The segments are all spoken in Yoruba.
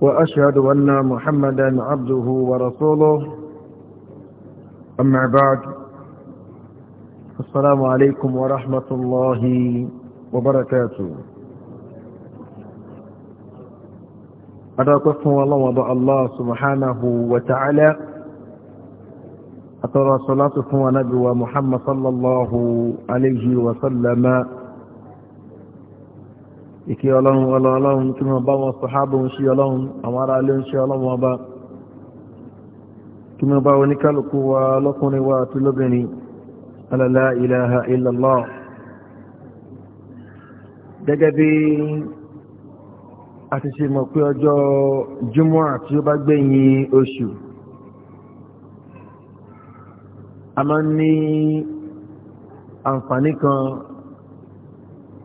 وأشهد أن محمدا عبده ورسوله أما بعد السلام عليكم ورحمة الله وبركاته أدرككم الله وضع الله سبحانه وتعالى أترى صلاتكم ونبي محمد صلى الله عليه وسلم ìkẹ́ ọlọ́run ọlọ́run tí wọ́n bá wọn sọ̀hábà ń ṣe ọlọ́run àwọn ará ilé ń ṣe ọlọ́run ọba kí wọ́n bá wọn ní kálukú wa lọ́kùnrin wa àti lóbìnrin alàlá ilaha illallah gẹ́gẹ́ bí a ti ṣe mọ̀ pé ọjọ́ jùmọ́ àti ó bá gbẹ̀yìn oṣù a máa ń ní àǹfààní kan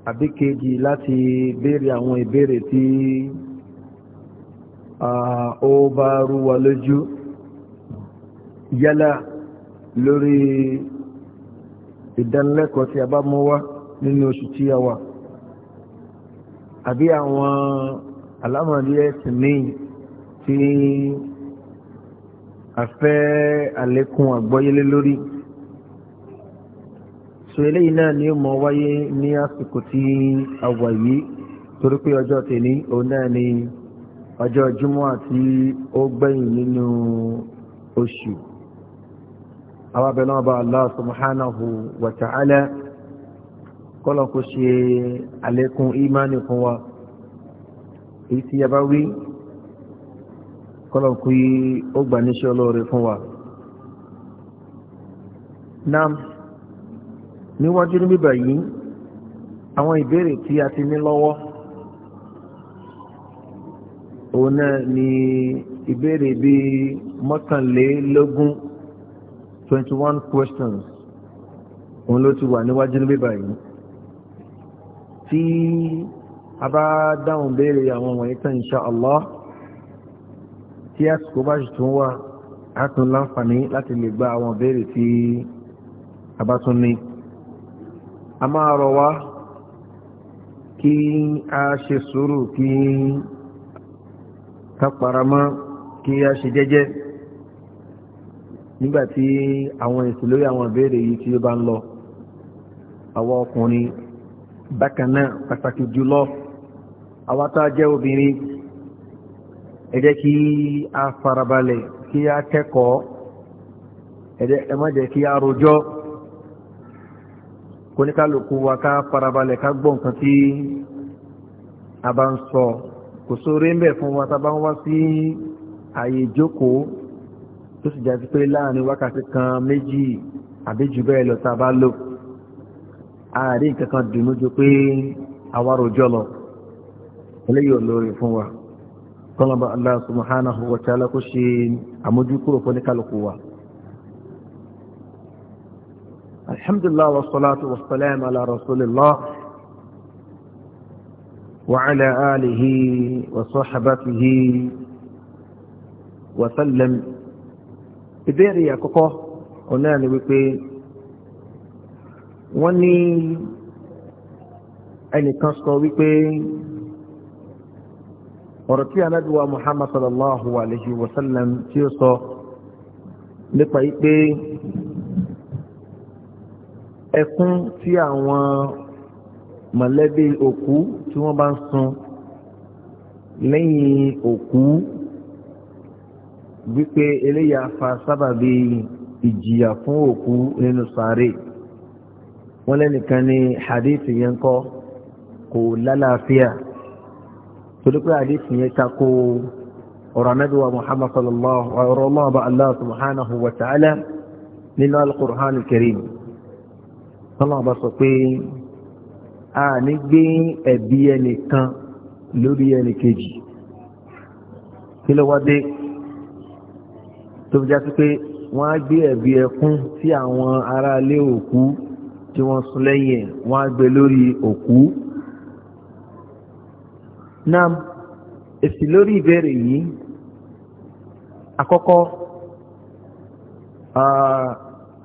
àbí kejì láti béèrè àwọn ìbéèrè tí ó bá rú wa lójú yálà lórí ìdánilẹ́kọ̀ọ́ tí a bá mú wá nínú oṣù tí a wà àbí àwọn alámọ̀lé ẹ̀sìn tí a fẹ́ àlékún àgbọ́yélé lórí. so eléyìí náà ni ó mọ wáyé ní àsìkò tí a wà yìí torí pé ọjọ́ tèmi òun náà ni ọjọ́ júmọ́ àti ó gbẹ̀yìn nínú oṣù àwọn abẹ́lẹ́ ọba Allah subhanahu wa ta'ala kọ́lọ̀ kó ṣe àlékún ìmánì fún wa èyí tí a bá wí kọ́lọ̀ kó yí ó gbà níṣẹ́ olóore fún wa. níwájú ní bíbà yìí àwọn ìbéèrè tí a ti ní lọ́wọ́ òun náà ni ìbéèrè bíi mọ́kànlélógún twenty one questions òun ló ti wà níwájú ní bíbà yìí tí a bá dáhùn béèrè àwọn wọ̀nyí tán insha Allah tí àsìkò bá sì tún wà á tún láǹfààní láti lè gba àwọn béèrè tí a bá tún ní a máa rọ wá kí a ṣe sùúrù kí ká paramọ́ kí a ṣe jẹ́jẹ́ nígbàtí àwọn èsì lórí àwọn ìbéèrè yìí tí ó bá ń lọ àwọn ọkùnrin bákan náà pàtàkì jùlọ àwọn tá jẹ́ obìnrin ẹ kí a farabalẹ̀ kí a kẹ́kọ̀ọ́ ẹ kí a rojọ́ kóníkálukú wa ká farabalẹ̀ ká gbọ́ nǹkan tí a bá ń sọ kò sóore ń bẹ̀ fún wa tá a bá ń wá sí àyè ìjókòó tó sì jáde pé láàrin wákàtí kan méjì àbí jù bẹ́ẹ̀ lọ tá a bá lò àárín nǹkan kan dùnú ju pé àwa lọ eléyìí olóore fún wa kọ́nà bá Allah subhanahu wa ta'ala àmójúkúrò fún ní wa. alhamdulillah wa salatu wa salam ala rasulillah wa ala alihi wa sahabatihi wa sallam ìbéèrè àkọ́kọ́ ọ̀nà ni wípé wọ́n ní ẹnìkan sọ wípé ọ̀rọ̀ tí anábíwá muhammad sallallahu alayhi wa sallam tí ó sọ nípa wípé ẹkún tí àwọn mọ̀lẹ́bí òkú tí wọ́n bá ń sun lẹ́yìn òkú wípé eléyà fa sábàbí ìjìyà fún òkú nínú sàárè wọ́n lẹ́nìkan ní hadith yẹn kọ́ kò lálàáfíà torí pé hadith yẹn takò ọ̀rọ̀ wa muhammad sallallahu ọ̀rọ̀ ọlọ́ọ̀bá allah subhanahu wa ta'ala nínú al-Qur'an tọ́lá ọba sọ pé a ní gbé ẹ̀bi ẹnìkan lórí ẹnìkejì kí ló wá dé tó fi já sí pé wọ́n á gbé ẹ̀bi ẹkún tí àwọn aráalé òkú tí wọ́n sún lẹ́yìn ẹ̀ wọ́n á gbé lórí òkú. náà èsì lórí ìbéèrè yìí àkọ́kọ́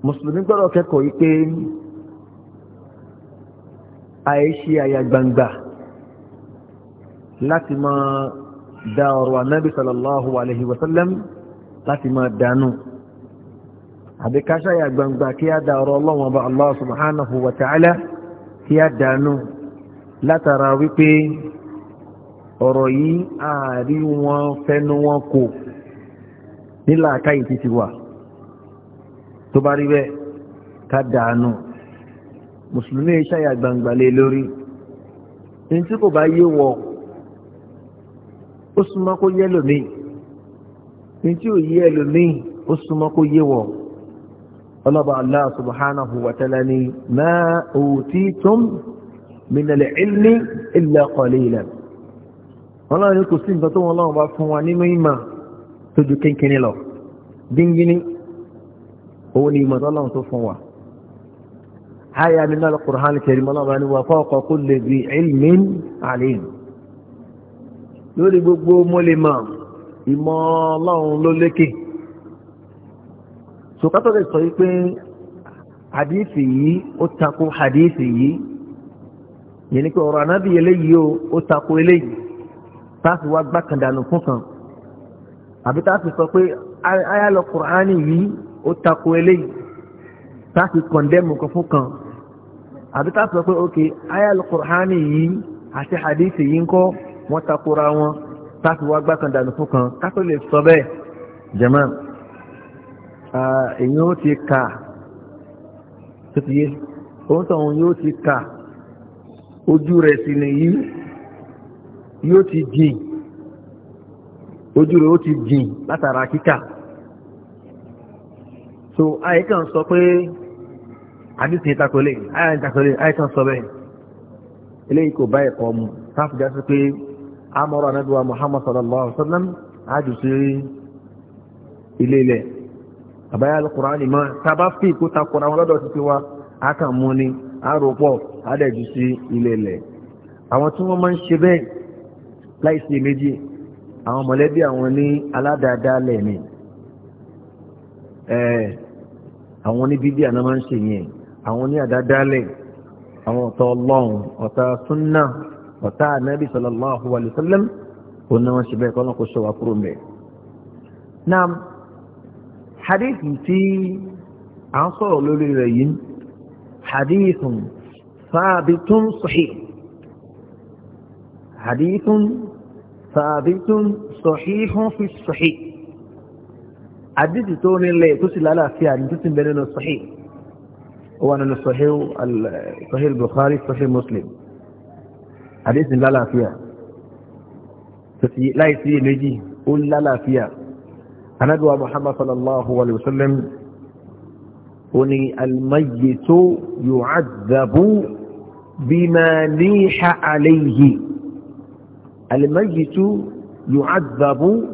mùsùlùmí gbọ́dọ̀ kẹ́kọ̀ọ́ yìí pé àìṣe àyà gbangba láti máa da ọ̀rọ̀ anábì sallallahu alaihi wasallam láti máa dánú àbíkáṣáyà gbangba kí a da ọ̀rọ̀ ọlọ́wọ̀n ọba allah subhanahu wa ta'ala kí a dánú látara wípé ọ̀rọ̀ yìí ààrí wọn fẹ́nu wọn kò nílà káyìí títí wà tó bá rí bẹ́ẹ̀ ká dánú mùsùlùmí ṣàyà gbangba lé lórí ní tí kò bá yé wọ ó súnmọ́ kó yé lòmíì ní tí ò yé ẹlòmíì ó súnmọ́ kó yé wọ ọlọ́ba allah subhanahu wa ta'ala ni ma utitum min al-ilmi illa qalilan ọlọ́run kò sí nǹkan tó wọn lọ́wọ́ bá fún wa nínú ìmọ̀ tó ju kínkínní lọ díngínní òun ni ìmọ̀ tó lọ́wọ́ tó fún wa aya nínú al-Qur'an al-Karim ọlọ́ba ni wà fawqa kulli dhi ilmin alim lórí gbogbo mọ́lẹ́mọ́ ìmọ̀ ọlọ́run ló lékè sọkátọ́ lè sọ yí pé hadithi yìí ó takò hadithi yìí yẹn ni pé ọ̀rọ̀ anábì eléyìí o ó takò eléyìí táàfì wá gbàkàndànù fún kan àbí táàfì sọ pé ayálọ̀ kùránì yìí ó takò eléyìí táàfì kọ̀ndẹ́mù kan fún kan àbí tá sọ pé ókè ayal kùránì yìí àti hadithi yìí ń kọ́ wọ́n takora wọn táfi wá gbá kan dànù fún kan kátó lè sọ bẹ́ẹ̀ jẹ́mọ́ èyí ó ti kà tó ti yé òun tó òun yóò ti kà ojú rẹ̀ sì nìyí yóò ti jìn ojú rẹ̀ ó ti jìn látara kíkà so àyíká ń sọ pé àdìsí ìtakọ̀lẹ̀ àyà ìtakọ̀lẹ̀ àyíká sọ bẹ́ẹ̀ eléyìí kò bá ẹ̀kọ́ mu káfí já sí pé amọ̀rọ̀ anábíwá Muhammad sallallahu alaihi wa sallam àdìsí ilé ilẹ̀ àbáyá alukur'ani mọ́ sábà fi kó takọ̀rọ̀ àwọn lọ́dọ̀ títí wa a kàn mú ni a rò pọ̀ a dẹ̀ jù sí ilé ilẹ̀ àwọn tí wọ́n máa ń ṣe bẹ́ẹ̀ láìsí méjì àwọn mọ̀lẹ́bí àwọn ní aládàádáálẹ̀ àwọn ní àdádálẹ̀ àwọn ọ̀tá ọlọ́run ọ̀tá súnà ọ̀tá ànábì sallallahu alayhi wa sallam òun náà wọ́n ṣe bẹ́ẹ̀ kọ́nà kó ṣe wá kúrò mẹ́. náà hadith tí à ń sọ̀rọ̀ lórí rẹ̀ yìí hadith sábìtún sahih hadith sábìtún sahih fi sahih hadith tó nílẹ̀ tó sì lálàáfíà ní tó sì bẹ̀rẹ̀ lọ sahih. هو أن الصحيح صحيح البخاري صحيح مسلم حديث لا لا فيها لا يسير نجي قل لا لا فيها أندوى محمد صلى الله عليه وسلم أني الميت يعذب بما نيح عليه الميت يعذب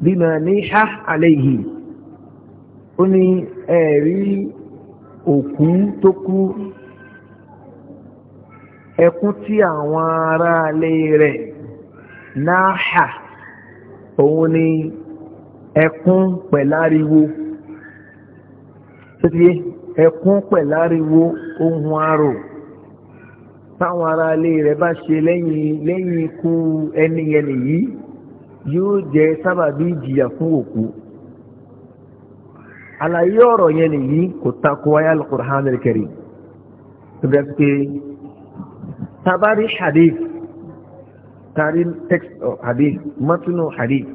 بما نيح عليه أني أري òkú tó kú ẹkún tí àwọn ará ilé rẹ̀ náà hà òun ni ẹkún pẹ̀láriwo títí ẹkún pẹ̀láriwo ohun arò táwọn ará ilé rẹ̀ bá ṣe lẹ́yìn lẹ́yìn ikú ẹniyẹn nìyí yóò jẹ́ sábàbí ìjìyà fún òkú. àlàyé ọ̀rọ̀ yẹn nìyí kò takò ayé al-Qur'an al tabari hadith tari text o hadith matinu hadith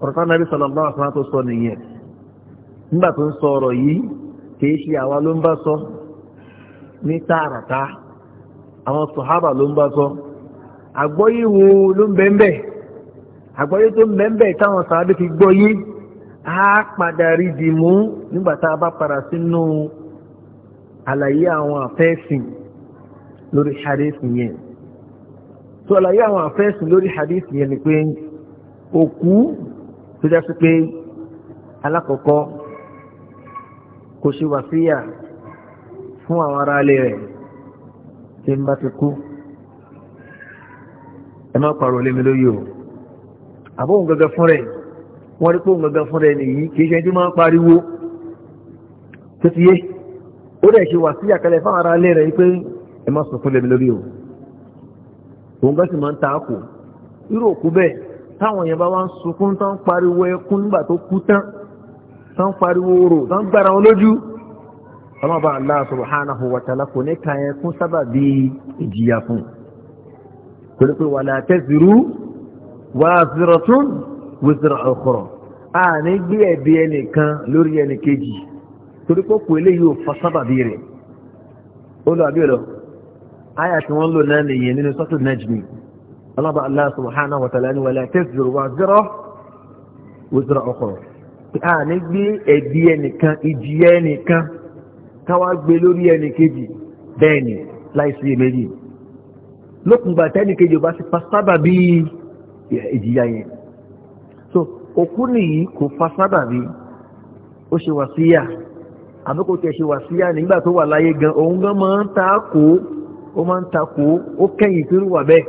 ọ̀rọ̀ tán sallallahu alaihi wasallam sọ nìyẹn nígbà tó ń sọ ọ̀rọ̀ yìí kìí ṣe àwa ló ń bá sọ ní tààràtà àwọn sọ̀hábà ló wo ló fi gbọ́ a padà rí di mú nígbàtá bá padà sínú àlàyé àwọn àfẹ́sìn lórí hadith yẹn so àlàyé àwọn àfẹ́sìn lórí hadith yẹn ni pé òkú tó já sí pé alákọ̀ọ́kọ́ kò ṣe wàsíyà fún àwọn ará ilé rẹ̀ tí ń bá ti kú ẹ má pàrọ̀ lémi lóyè o àbóhùn gẹ́gẹ́ fún rẹ̀ wọ́n rí pòun gangan fúnra ẹni yìí kì í ṣe ẹni tí máa ń pariwo tó ti yé ó dẹ̀ ṣe wà sí àkàlẹ̀ fáwọn ará ilé pé ẹ má sọ fúnlẹ̀ mi lórí o òun gan sì máa ń ta àkò irú òkú bẹ́ẹ̀ táwọn èèyàn bá wá ń sunkún tán ń pariwo ẹkún nígbà tó kú tán tán ń pariwo orò tán ń gbára wọn lójú ọlọ́ba Allah subhanahu wa ta'ala kò ní ka ẹkún sábà bí ìjìyà fún un kò ní pé wala taziru waziratun wizra ọkọrọ a ní gbé ẹ̀bi ẹnìkan lórí ẹnìkejì torí pọ̀pọ̀ eléyìí ò fa sábàbí rẹ̀ ó lọ àbí ọ̀lọ́ àyà tí wọ́n lò náà nìyẹn nínú sọ́tò najmi ọlọ́ba Allah subhanahu wa ta'ala ni wala tazru wazra wizra ọkọrọ a ní gbé ẹ̀bi ẹnìkan ìjìyà ẹnìkan káwá gbé lórí ẹnìkejì bẹ́ẹ̀ ni láìsí èméjì lókùngbà tẹ́nìkejì ò bá ti fa sábàbí ìjìyà yẹn so òkú nìyí kò fa sábàbí ó ṣe wàsíyà àbí kò tiẹ̀ ṣe wàsíyà nígbà tó wà láyé gan òun gan máa ń ta kó ó máa ń ta kó ó kẹ́yìn tí ó wà bẹ́ẹ̀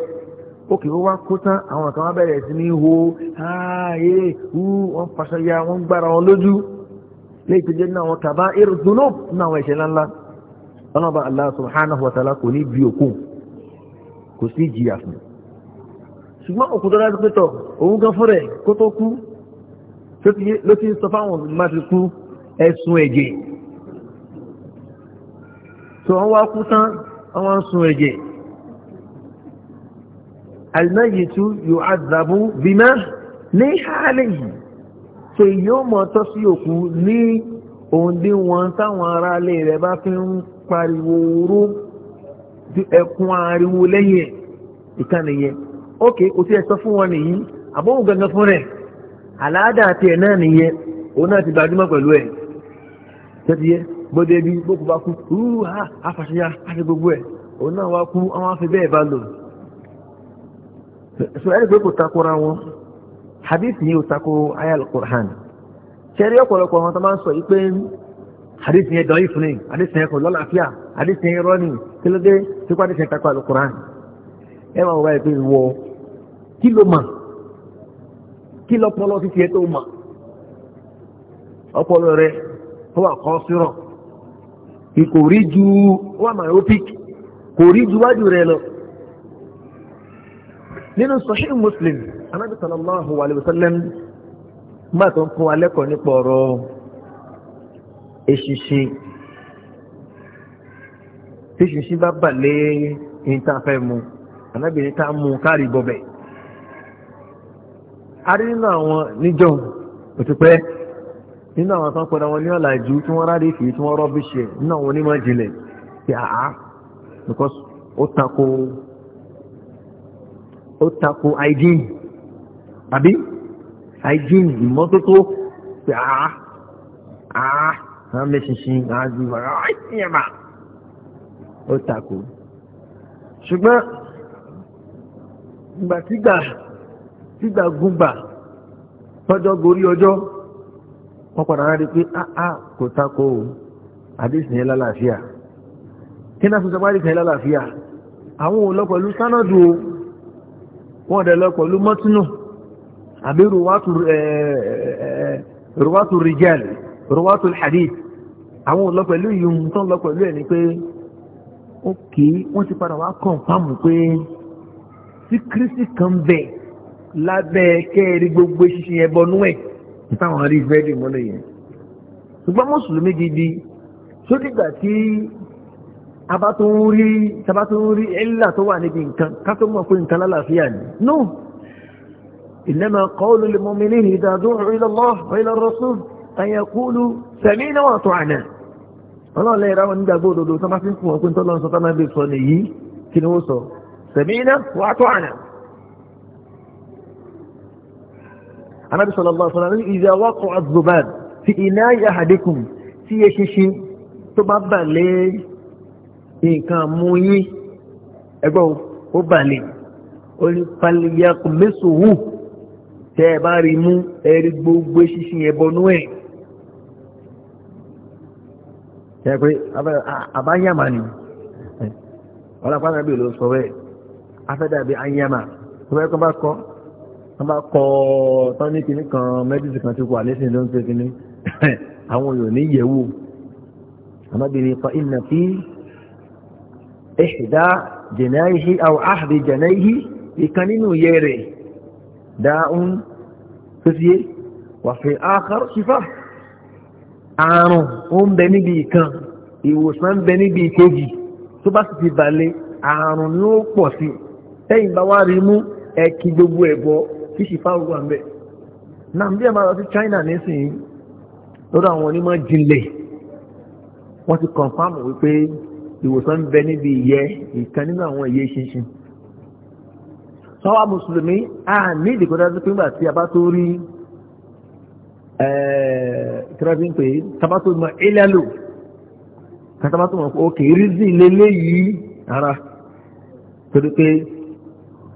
ó kì í wá kó tán àwọn kan wá bẹ̀rẹ̀ sí ní ho ààyè wú wọn fàṣẹyà wọn gbára wọn lójú lè ti jẹ́ náà wọn kàbá irùdúnú náà wọn ìṣẹ̀lẹ̀ ńlá ọlọ́ba Allah subhanahu wa ta'ala kò ní bí òkú kò sí ìjìyà fún un ṣùgbọ́n òkú tó dájú pétọ̀ òun gan fún rẹ̀ kó tó kú ló ti sọ fáwọn má ti kú ẹ̀sùn ẹ̀jẹ̀ tó wọ́n wá kú tán wọ́n ń sun ẹ̀jẹ̀ almayitu yu'adhabu bima ní hálẹ̀ yìí tó yóò mọ̀ tọ́ sí òkú ní òǹdíwọ̀n táwọn aráalé rẹ̀ bá fi ń pariwo oró ẹkún ariwo lẹ́yìn ẹ̀ ìkànnì yẹn ok kò tí ẹ fún wọn nìyí àbóhùn gangan fún rẹ̀ àláàdà tiẹ̀ náà nìyẹn òun ti gbajúmọ̀ pẹ̀lú ẹ̀ tẹ́tí yẹ bá kú rúrú ha àti gbogbo ẹ̀ òun náà wá so ẹni pé kò takora wọn hadith yìí ò tako ayal Qur'an ọ̀pọ̀lọpọ̀ àwọn tó máa ń sọ pé hadith yẹn dán ìfúnni hadith kí ló mọ̀ kí lọ́pọlọ ti tiẹ̀ tó mọ̀ ọpọlọ rẹ̀ ó wà kọ́ sírọ̀ kò rí ju wà myopic kò rí ju wájú rẹ̀ lọ nínú sahih muslim anábì sallallahu alayhi wa sallam máa tó ń fún wa lẹ́kọ̀ọ́ nípa ọ̀rọ̀ eṣinṣin tí eṣinṣin bá bà lé ní tá a fẹ́ mu anábì ní tá a mú káàrí bọ̀bẹ̀ a rí nínú àwọn níjọ òtúpẹ́ nínú àwọn tán pẹ̀lú àwọn ní ọ̀làjú tí wọ́n rárí ìfì tí wọ́n rọ́bí ṣe nínú àwọn onímọ̀ ìjìnlẹ̀ ti àá because ó tako ó tako hygiene àbí hygiene ìmọ́tótó ti àá àá àwọn mẹ́ṣinṣin àájú ìyàmà ó tako ṣùgbọ́n ìgbàtígbà tígbà gúngbà tọ́jọ́ gorí ọjọ́ wọ́n padà rárí pé áá ah, ah, kò tako àdéhùn yẹn lálàáfíà kí náà sọ́sọ́ wáyé kan lálàáfíà àwọn ò lọ pẹ̀lú sánàdù o wọ́n dẹ̀ lọ pẹ̀lú mọ́tínù àbí rúwátù eh, eh, eh, rìjẹ́l rúwátù hadith àwọn ò lọ pẹ̀lú ìyún tó ń lọ pẹ̀lú ẹ̀ ni pé ó kì í wọ́n ti padà wá kàn fáàmù pé sí Kristi kan bẹ́ẹ̀ lábẹ́ kẹ́ẹ̀rí gbogbo ṣíṣe ẹbọ nú ẹ̀ táwọn rí fẹ́ẹ́ dì mọ́lẹ̀ yẹn ṣùgbọ́n mùsùlùmí gidi sódìgbà tí a bá tó ń rí tá bá tó ń rí ẹ̀là tó wà níbi nǹkan ká tó mọ̀ pé nǹkan lálàáfíà ni no innama qawlu lil mu'minina idha du'u ila Allah wa ila ar-rasul an yaqulu sami'na nígbàgbọ́ òdodo tó bá fi ń fún wọn pé ń tọ́lọ́run sọ tánà bí sọ nìyí kí ni ó sọ sami'na wa ata'na anábì sallallahu alaihi wasallam ìdá wákọ̀ azubad fi iná ahadikum tí eṣinṣin tó bá bà lé nǹkan mú yín ẹgbọ́n ó bà lé ó ní paliyakun mẹ́sòwò tẹ́ ẹ bá rí mú ẹ̀rí gbogbo eṣinṣin ẹ̀bọnú ẹ̀ tẹ́ pé àbáyàmà ni ọlọ́pàá nàbí ló sọ bẹ́ẹ̀ afẹ́dàbí ayàmà tó bẹ́ẹ̀ kọ́ bá wọ́n bá kọ́ tán ní kinní kan mẹ́dísì kan ti wà nísìnyí ló ń ṣe kinní àwọn èèyàn ní yẹ̀wò àmọ́bìnrin fa iná fi ìṣẹ̀dá jẹ̀náìhí àwọn àhàbì jẹ̀náìhí ìkan nínú yẹ rẹ̀ dáhùn tó fi yé wà fi ákàrọ̀ sífà àrùn ó ń bẹ níbi ìkan ìwòsàn ń bẹ níbi ìkejì tó bá sì ti balẹ̀ àrùn ni ó pọ̀ sí tẹ́yìn bá wá rí mú ẹ̀kí gbogbo ẹ̀bọ fíṣì fáwọn wà mẹ́ náà bí ẹ máa lọ sí China nísìnyí lọ́dọ̀ àwọn onímọ̀ jinlẹ̀ wọ́n ti kọ̀nfàmù wípé ìwòsàn ń bẹ níbi ìyẹ́ ìkan nínú àwọn ìyẹ́ ṣinṣin sọ́wọ́ mùsùlùmí a ní ìdìkọ́dá tó pínpà tí a bá tó rí ìtìrẹ́bí ń pè tábà tó mọ ilẹ́lò kátàbá mọ̀ pé òkè rí ara torí pé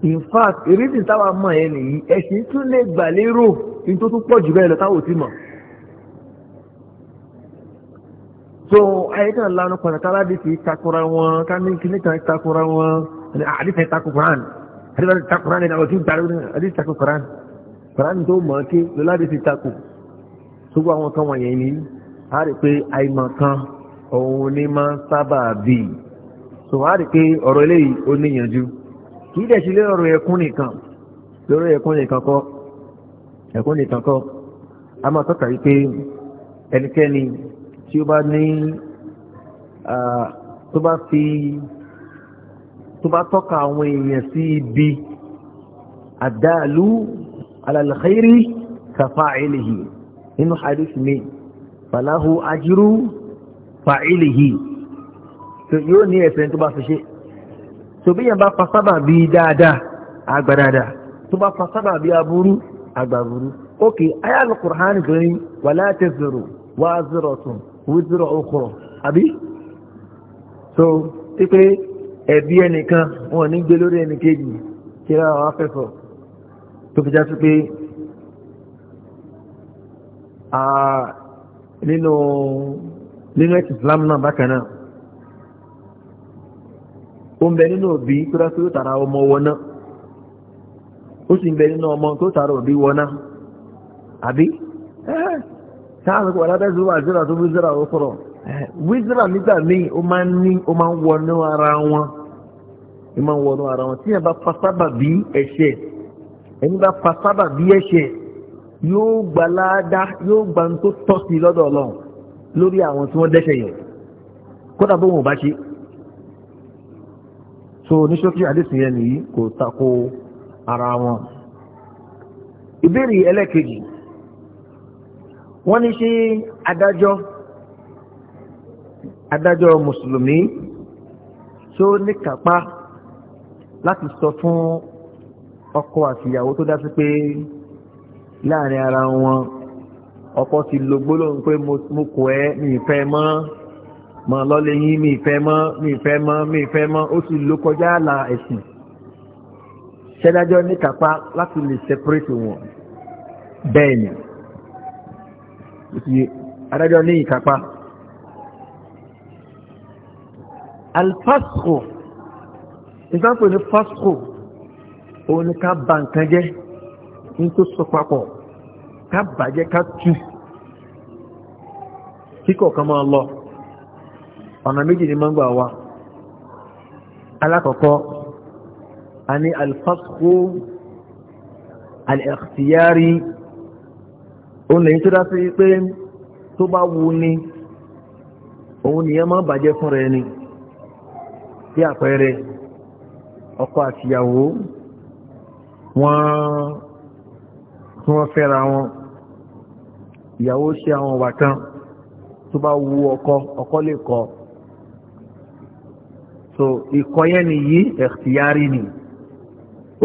in fact ìrísìn táwa mọ̀ ẹ nìyí ẹ̀sìn tún lè gbà lérò in tó tún pọ̀ jù bẹ́ẹ̀ lọ táwọn ò ti mọ̀ so ayékan lanu kọ̀nà tára bí ti takora wọn kání kíní kan takora wọn ẹni àdìsẹ́ takò koran àdìsẹ́ takò koran ẹni àwọn tí ń darí wọn àdìsẹ́ takò koran koran tó mọ̀ ké lọ́la bí ti takò sógbó àwọn kan wọ̀nyẹn ni a rí pé àìmọ̀ kan òun ni máa sábà bì so a rí pé ọ̀rọ̀ eléyìí ó níyànjú kìí dẹ̀ sí lọ́rọ̀ ẹkún nìkan lọ́rọ̀ ẹkún nìkan kọ́ ẹkún nìkan kọ́ a máa tọ́ka wípé ẹnikẹ́ni tí ó bá ní tó bá fi tó bá tọ́ka àwọn èèyàn sí ibi àdáàlú alàlàkẹ́rì kàfáàìlìhì nínú hadith mi falahu ajiru fa'ilihi yóò ní ẹ̀sẹ̀ tó bá fi ṣe so bí yẹn bá fa sábà bí dáadáa àgbà dáadáa tó bá fa sábà bí aburú àgbà burú ok ayálu kur'an gbẹ̀rin wà láti zoro wà zoro tún wí zoro okoro àbí so pípé ẹ̀bí ẹnìkan wọn ní gbé lórí ẹnìkejì kí àwọn afẹ́fọ́ tó fi já sí pé ah, nínú nínú ẹ̀sìn Islam náà bákan náà ó ń bẹ nínú òbí tó rẹ́ pé ó tara ọmọ wọná ó sì ń bẹ nínú ọmọ tó tara òbí wọná àbí sáàrùn kò alábẹ́ zúwà zúra tó wízúra ó sọ̀rọ̀ wízúra nígbà míì ó máa ń ní ó máa ń wọnú ara wọn ó máa ń wọnú ara wọn tí bá fa bí ẹ̀ṣẹ̀ ẹni bá fa bí ẹ̀ṣẹ̀ yóò gbà láàdá yóò gbà ń tó tọ́ sí lọ́dọ̀ ọlọ́run lórí àwọn tí wọ́n dẹ́ṣẹ̀ yẹn kódà bó wọn bá ṣe so oníṣókí àdìsí yẹn nìyí kò tako ara wọn. ìbéèrè ẹlẹ́kejì wọ́n ní ṣe adájọ́ adájọ́ mùsùlùmí tó ní kápá láti sọ fún ọkọ àtìyàwó tó dá sí pé láàrin ara wọn ọkọ ti lo gbólóhùn pé mo kọ ẹ́ mi ì fẹ́ mọ́ mọ lọlé yín mi ìfẹ́ mọ́ mi ìfẹ́ mọ́ mi ìfẹ́ mọ́ ó sì ló kọjá àlà ẹ̀sìn ṣẹdájọ́ níkàpá láti lè separate wọn bẹ́ẹ̀ ni adájọ́ ní ìkàpá alfasco ìfẹ́pẹ́ ní fasco òun ni ká bà nǹkan jẹ́ ní tó sọ papọ̀ ká bàjẹ́ ká tú kíkọ̀ kan máa lọ ọ̀nà méjì ni máa ń gbà wá alákọ̀ọ́kọ́ a ní alfasku al-ikhtiyari òun lèyí tó dá sí pé tó bá wu ni òun nìyẹn máa bàjẹ́ fún rẹ ni bí àpẹẹrẹ ọkọ àtìyàwó wọ́n tí wọ́n fẹ́ra wọn ìyàwó ṣe àwọn wà kan tó bá wu ọkọ ọkọ lè kọ̀ so ikọ̀ yẹn nìyí ẹ̀kìtìyárì ni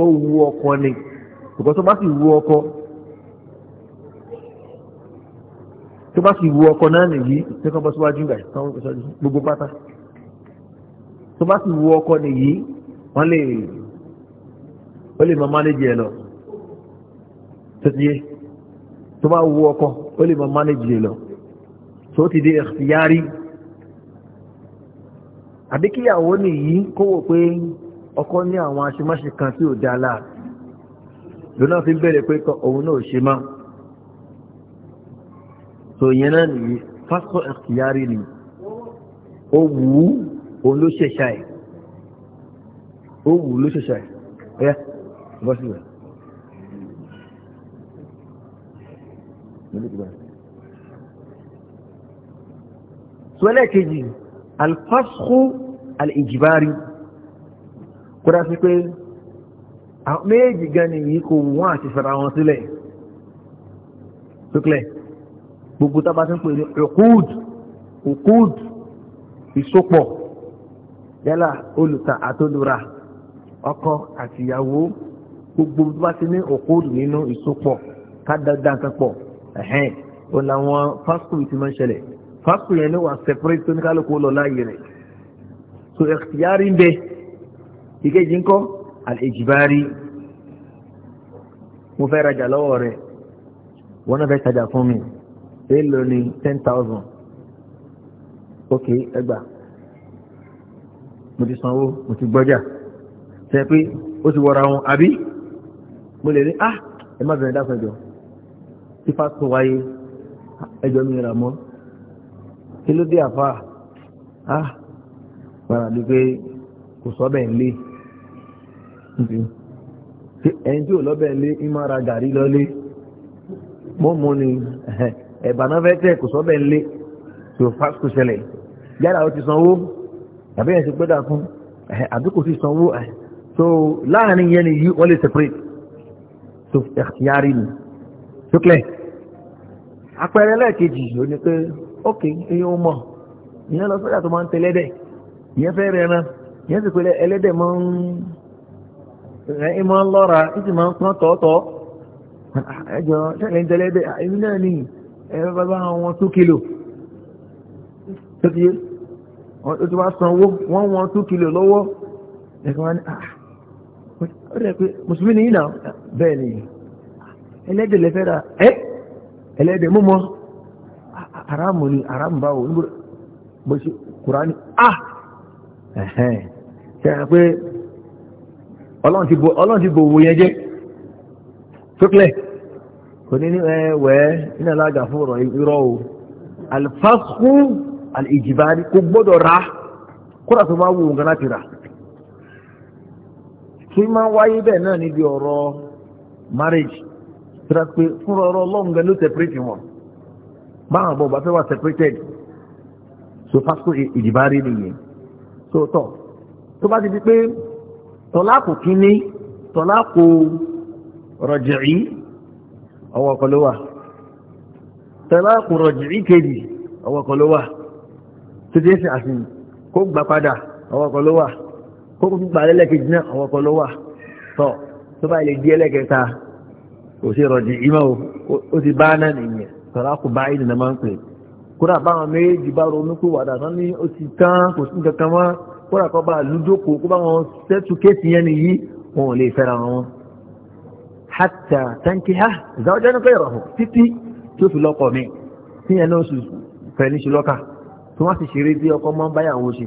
ó wu ọkọ ni ṣùgbọ́n tó bá sì wu ọkọ tó bá sì wu ọkọ náà nìyí tí wọ́n bọ́ síwájú rẹ̀ gbogbo pátá tó bá sì wu ọkọ nìyí wọ́n lè ó lè máa mánéjì ẹ lọ tẹ́tíyé tó bá wu ọkọ ó lè máa mánéjì ẹ lọ tó ti dé ẹ̀kìtìyárì. So, àbí kíyàwó nìyí kó wò pé ọkọ ní àwọn aṣemáṣe kan tí ò dáa láà fi bẹ̀rẹ̀ pé òun náà ṣe máa tó yẹn náà nìyí fásitọ̀ ẹ̀kìyárì ni ó wù ú òun ló ṣẹ̀ṣà ẹ̀ ó wù ú ló ṣẹ̀ṣà alfasku alìjìbárí kó dá sí pé àwọn méjì gan ni yìí kò wọ́n àti fara wọn sílẹ̀ sílẹ̀ gbogbo tá a bá ti ń pè ní ọkùd ọkùd ìsopọ̀ yálà olùta àtolùra ọkọ àtìyàwó gbogbo tó bá ní ọkùd nínú ìsopọ̀ ká kan pọ̀ ẹ̀hẹ́n ó làwọn fásitì ti máa ń ṣẹlẹ̀ fásitì yẹn wa wà separate oníkálukú lọ láàyè rẹ̀ so ẹ̀kìtìyárí ń bẹ ìkejì ńkọ́ àlejìbárí mo fẹ́ rajà lọ́wọ́ rẹ̀ wọ́n náà fẹ́ tajà fún mi èèlò ni ten thousand ok ẹgbàá mo ti sanwó mo ti gbọ́jà tẹ́ pé ti wọra wọn àbí mo lè rí ah ẹ má bẹ̀rẹ̀ dáfẹ́jọ tí pásítọ̀ wáyé ẹjọ́ mi rà mọ́ kí ló dé àfa á padà di pé kò sọ́bẹ̀ ń lé ẹni tí ò lọ́bẹ̀ ń lé ń máa ra gàrí lọ́lé mo mú ni ẹ̀bà náà fẹ́ tẹ̀ kò sọ́bẹ̀ ń lé tó fásitì kò ṣẹlẹ̀ yálà ó ti sanwó àbí ẹ̀ ti gbọ́dà fún àbí kò sí sanwó so láàrin yẹn ni yí wọ́n lè separate tó yára ni tó clear apẹẹrẹ lẹ́ẹ̀kejì ó ní pé ok, ihe ó ihe lọ sọ́jà tó máa ń tẹ ìyẹn fẹ́ rẹ̀ ẹran ìyẹn sì pé ẹlẹ́dẹ̀ máa ń máa ń lọ́ra ó máa ń pọ́n ẹjọ́ sẹ́lẹ̀ ń tẹ́lẹ́dẹ̀ kilo tó ti ó ti wá kilo lọ́wọ́ ni ah, ó rẹ̀ pé mùsùlùmí ni yìí bẹ́ẹ̀ ni ẹlẹ́dẹ̀ lẹ́fẹ́ haramu ni haramu bawo níbo bó ṣe ah ẹ̀hẹ́n ṣe hàn pe ọlọ́run ti bòwò yẹn jẹ́ tókìlẹ̀ kò ní ẹ̀wẹ̀ iná lága fún ọ̀rọ̀ irọ́ o alfasku alìjìbáni kò gbọ́dọ̀ ra kódà tó máa wù nǹkan láti rà tí máa wáyé bẹ́ẹ̀ náà níbi ọ̀rọ̀ marriage tí wọ́n fúnra ọ̀rọ̀ ọlọ́run báwọn bọ̀ bá fẹ́ wà separated so fásitì ìdìbò àárín nìyẹn so tọ̀ tó bá ti di pé tọ́láàkù kínní tọ́láàkù rọ̀jìí ọwọ́ ọkọ ló wà tọ́láàkù rọ̀jìí kejì ọwọ́ ọkọ ló wà tó dé sí àsìn kó gbà padà ọwọ́ ọkọ ló wà kó gbà lẹ́lẹ́kejì náà ọwọ́ ọkọ ló wà tọ́ tó bá ilé di ẹlẹ́kẹta kò sí rọ̀jìí mọ́ o ti bá náà nìyẹn tàlákù báyìí nìyẹn máa ń pè kódà báwọn méjì bá ronú pé wàdà tán ní ó ti tán kò sí nǹkan kan mọ́ kódà kan bá lùjókòó kó bá wọn sẹ́tù kéèsì yẹn nìyí wọn ò lè fẹ́ra wọn. hàtà táǹkì ha ìdáwọ́jọ́ ní pẹ́ẹ́rọ̀ hàn títí tó fi lọ́kọ̀ mi tíyẹn náà sì fẹ́ ní ṣùlọ́kà tó wá sì ṣeré bí ọkọ máa ń báyàwó ṣe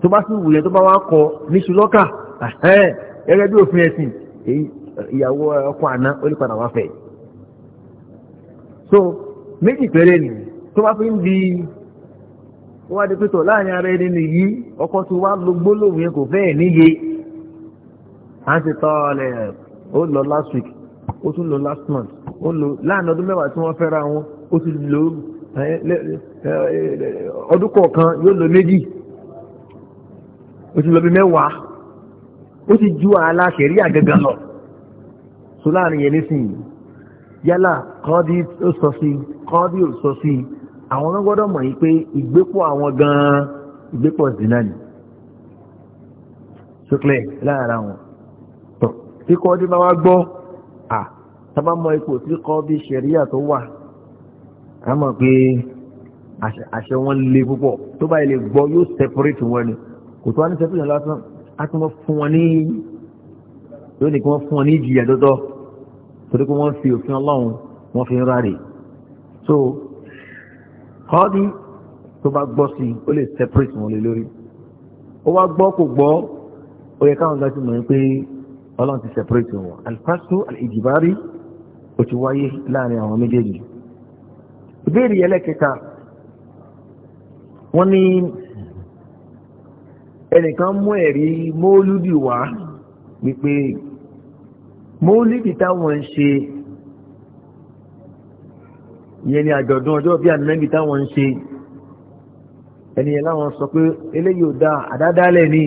tó bá sì wùyẹn tó bá wá kọ ní ṣùlọ́kà ìyàwó ọkọ àná ó lè padà wá fẹ́ẹ́ so méjì péré nì tó bá fi ń di ó wá di pé tọ̀ láàrin ara ẹni nìyí ọkọ tó wá lo gbólóhùn yẹn kò fẹ́ẹ̀ níye à ń ti tọ́ ọ̀lẹ̀ ó lọ last week ó tún lọ last month ó lọ láàrin ọdún mẹ́wàá tí wọ́n fẹ́ra wọn ó ti lò ọdún kọ̀ọ̀kan yóò lọ méjì ó ti lọ bí mẹ́wàá ó ti ju ààlà ṣẹ̀ríà gangan lọ so láàrin yẹn nísìnyí yálà kọ́dí ó sọ sí kọ́dí ó sọ sí àwọn náà gbọ́dọ̀ mọ̀ yìí pé ìgbépọ̀ àwọn gan-an ìgbépọ̀ zina ni sókè láàárín àwọn tó tí kọ́dí bá wá gbọ́ à sábà mọ ipò tí kọ́dí ṣẹ̀ríyà tó wà á mọ̀ pé àṣẹ wọn le púpọ̀ tó bá ilé gbọ́ yóò separate wọn ni kò tó wá ní separate wọn lásán á tún wọ́n fún wọn ní yóò ní kí wọ́n fún wọn ní ìjìyà tọ́tọ́ torí pé wọ́n fi òfin ọlọ́run wọ́n fi ń ráre so kọ́ọ̀dì tó bá gbọ́ sí ó lè separate wọn lé lórí ó wá gbọ́ kò gbọ́ ó yẹ káwọn gbájú mọ̀ pé ọlọ́run ti separate wọn alifasu alìjìbárí ó ti wáyé láàrin àwọn méjèèjì ìbéèrè ẹlẹ́kẹta wọ́n ní ẹnìkan mú ẹ̀rí mọ́lúdì wá wípé mọ́lídì táwọn ń ṣe ìyẹn ni àjọ̀dún ọjọ́ bí ànábì táwọn ń ṣe ẹnìyẹn láwọn sọ pé eléyìí ò dáa àdádálẹ̀ ni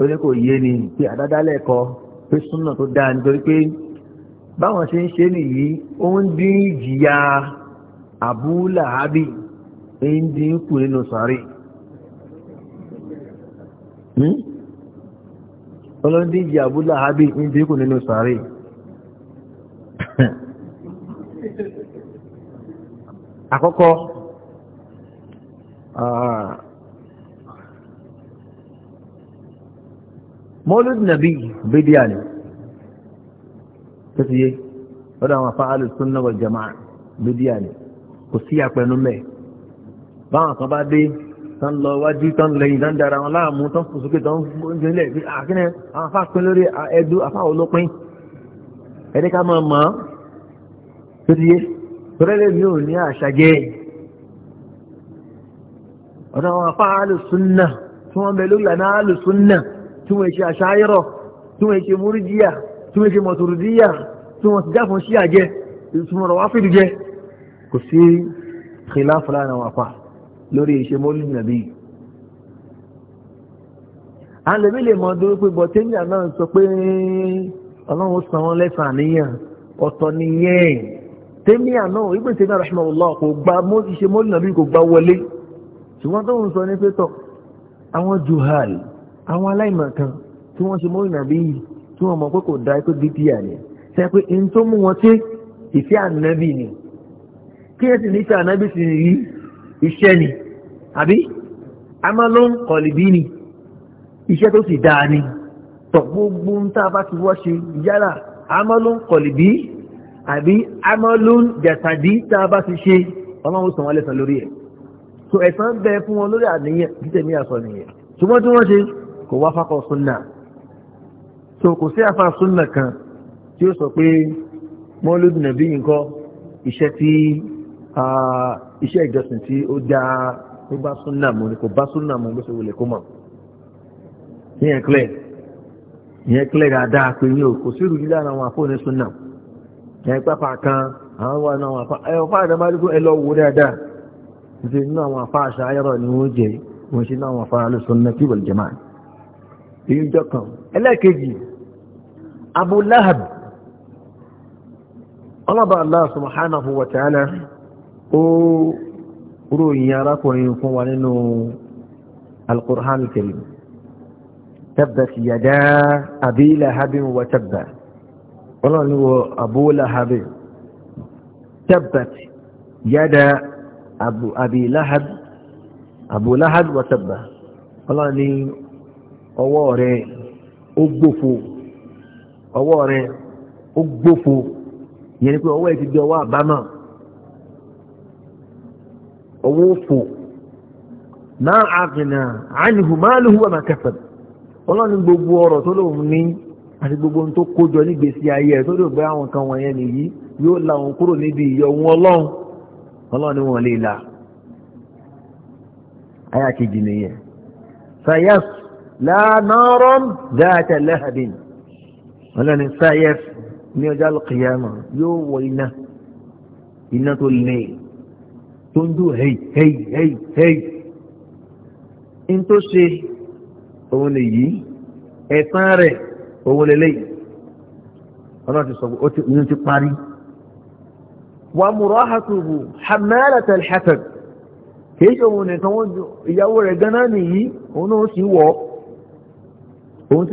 ó ní kò yé ni pé àdádálẹ̀ kọ́ pé súnà tó dáa nítorí pé báwọn ṣe ń ṣe nìyí ó ń dín ìjìyà àbúlà ábì ń dín kù nínú sàárè ọlọ́dún hmm? ìjìyà àbúlà ábì ń dín kù nínú sàárè àkọ́kọ́ mọ́lúd nàbí bídíà ni tó ti yé lọ́dọ̀ àwọn afá alùsùn náà wal jama'a bídíà ni kò sí àpẹnu mẹ́ báwọn kan bá dé tán lọ wájú tán lẹ́yìn tán dára wọn láàmú tán fò sókè tán gbẹ́lẹ̀ àkínẹ́ àwọn afá lórí ẹdú afá olópin ẹ̀dẹ́ká máa mọ̀ ọ́ tó ti yé tọ́lẹ́lẹ́ mi ò ní àṣàjẹ́ ọ̀nà àwọn afá alùsùnà tí wọ́n bẹ lórí àná alùsùnà tí wọ́n ṣe àṣàyẹ̀rọ̀ tí wọ́n ṣe múrídíyà tí wọ́n ṣe mọ̀tòrúdíyà tí wọ́n ti jáfún sí àjẹ́ ìtumọ̀rọ̀ wá fìdí jẹ́ kò sí khilaf láàrin àwọn lórí ìṣe mọ́lì nàbí a lè mílè mọ́ dúró pé bọ̀tẹ́nìyà náà sọ pé ọlọ́run san wọn lẹ́sàn-án níyàn ọ̀tọ̀ nìyẹn tẹ́míà náà Ibn Taymiyyah rahimahullah kò gba ṣe mọ́lì nàbí kò gba wọlé ṣùgbọ́n tó ń sọ ní pẹ́tọ̀ àwọn juhal àwọn aláìmọ̀kan tí wọ́n ṣe mọ́lì nàbí yìí tí wọ́n mọ̀ pé kò dá ikú dídí àlẹ́ ṣe pé n tó mú wọn tí ìfẹ́ ànábì ni kí ẹ sì ní ìfẹ́ ànábì sì ní iṣẹ́ ni àbí amalon kọ̀lìbí ni iṣẹ́ tó sì dáa ni tọ̀ tá a bá ti wọ́ ṣe yálà amalon kọ̀lìbí àbí amọ́lún jàtàdí tá a bá ti ṣe ọlọ́run sàn wọ́n lẹ́sàn lórí ẹ̀ so ẹ̀sán bẹ fún wọn lórí àníyàn títẹ̀ mí àsọ nìyẹn ṣùgbọ́n tí wọ́n ṣe kò wá fákọ̀ súnà so kò sí àfa súnà kan tí ó sọ pé mọ́lúdì nàbí nǹkan iṣẹ́ tí iṣẹ́ ìjọsìn tí ó dá ó bá súnà mu ni kò bá súnà mu bó ṣe wọlé kó mọ̀ ìyẹn clear ìyẹn clear dáadáa pé yóò kò sí ìrùjú ẹ pápá kan àwọn wà náà wọn ẹ ọ̀pá àdámárígún ẹ lọ wò dáadáa nítorí nínú àwọn afá àṣà ayọ́rọ̀ ni wọ́n jẹ wọ́n ṣe náà wọn afá al-sunnati wal jama'ah èyí jọ kan ẹlẹ́ẹ̀kejì Abu Lahab ọlọ́ba Allah subhanahu wa ta'ala ó ọlọ́run ni wọ Abu Lahab tabbat yada Abi Lahab Abu tabba ni ọwọ́ rẹ̀ ó gbófo ọwọ́ rẹ̀ ó gbófo yẹn pé ọwọ́ ọwọ́ gbogbo ọ̀rọ̀ tó lóun ní. àti gbogbo ohun tó kójọ nígbèsí ayé ẹ̀ tó dò gbé àwọn kan wọ̀nyẹn nìyí yóò la òun kúrò níbi ìyọ òun ọlọ́run ọlọ́run ni wọ́n lè la ayé àkejì nìyẹn sayas lanarom dáàtà lẹ́hàbìn ọlọ́run sayas ní ọjọ́ alùkìyàmà yóò wọ iná iná tó lè tó ń dùn hei hei hei hei n tó ṣe òun nìyí ẹ̀san rẹ̀. owó lélẹ́yìí ọlọ́run ti sọ pé oyún ti parí wà murahatuhu hamalat alhatab kìí ṣe òun nìkan wọ́n ju ìyàwó rẹ̀ gánà nìyí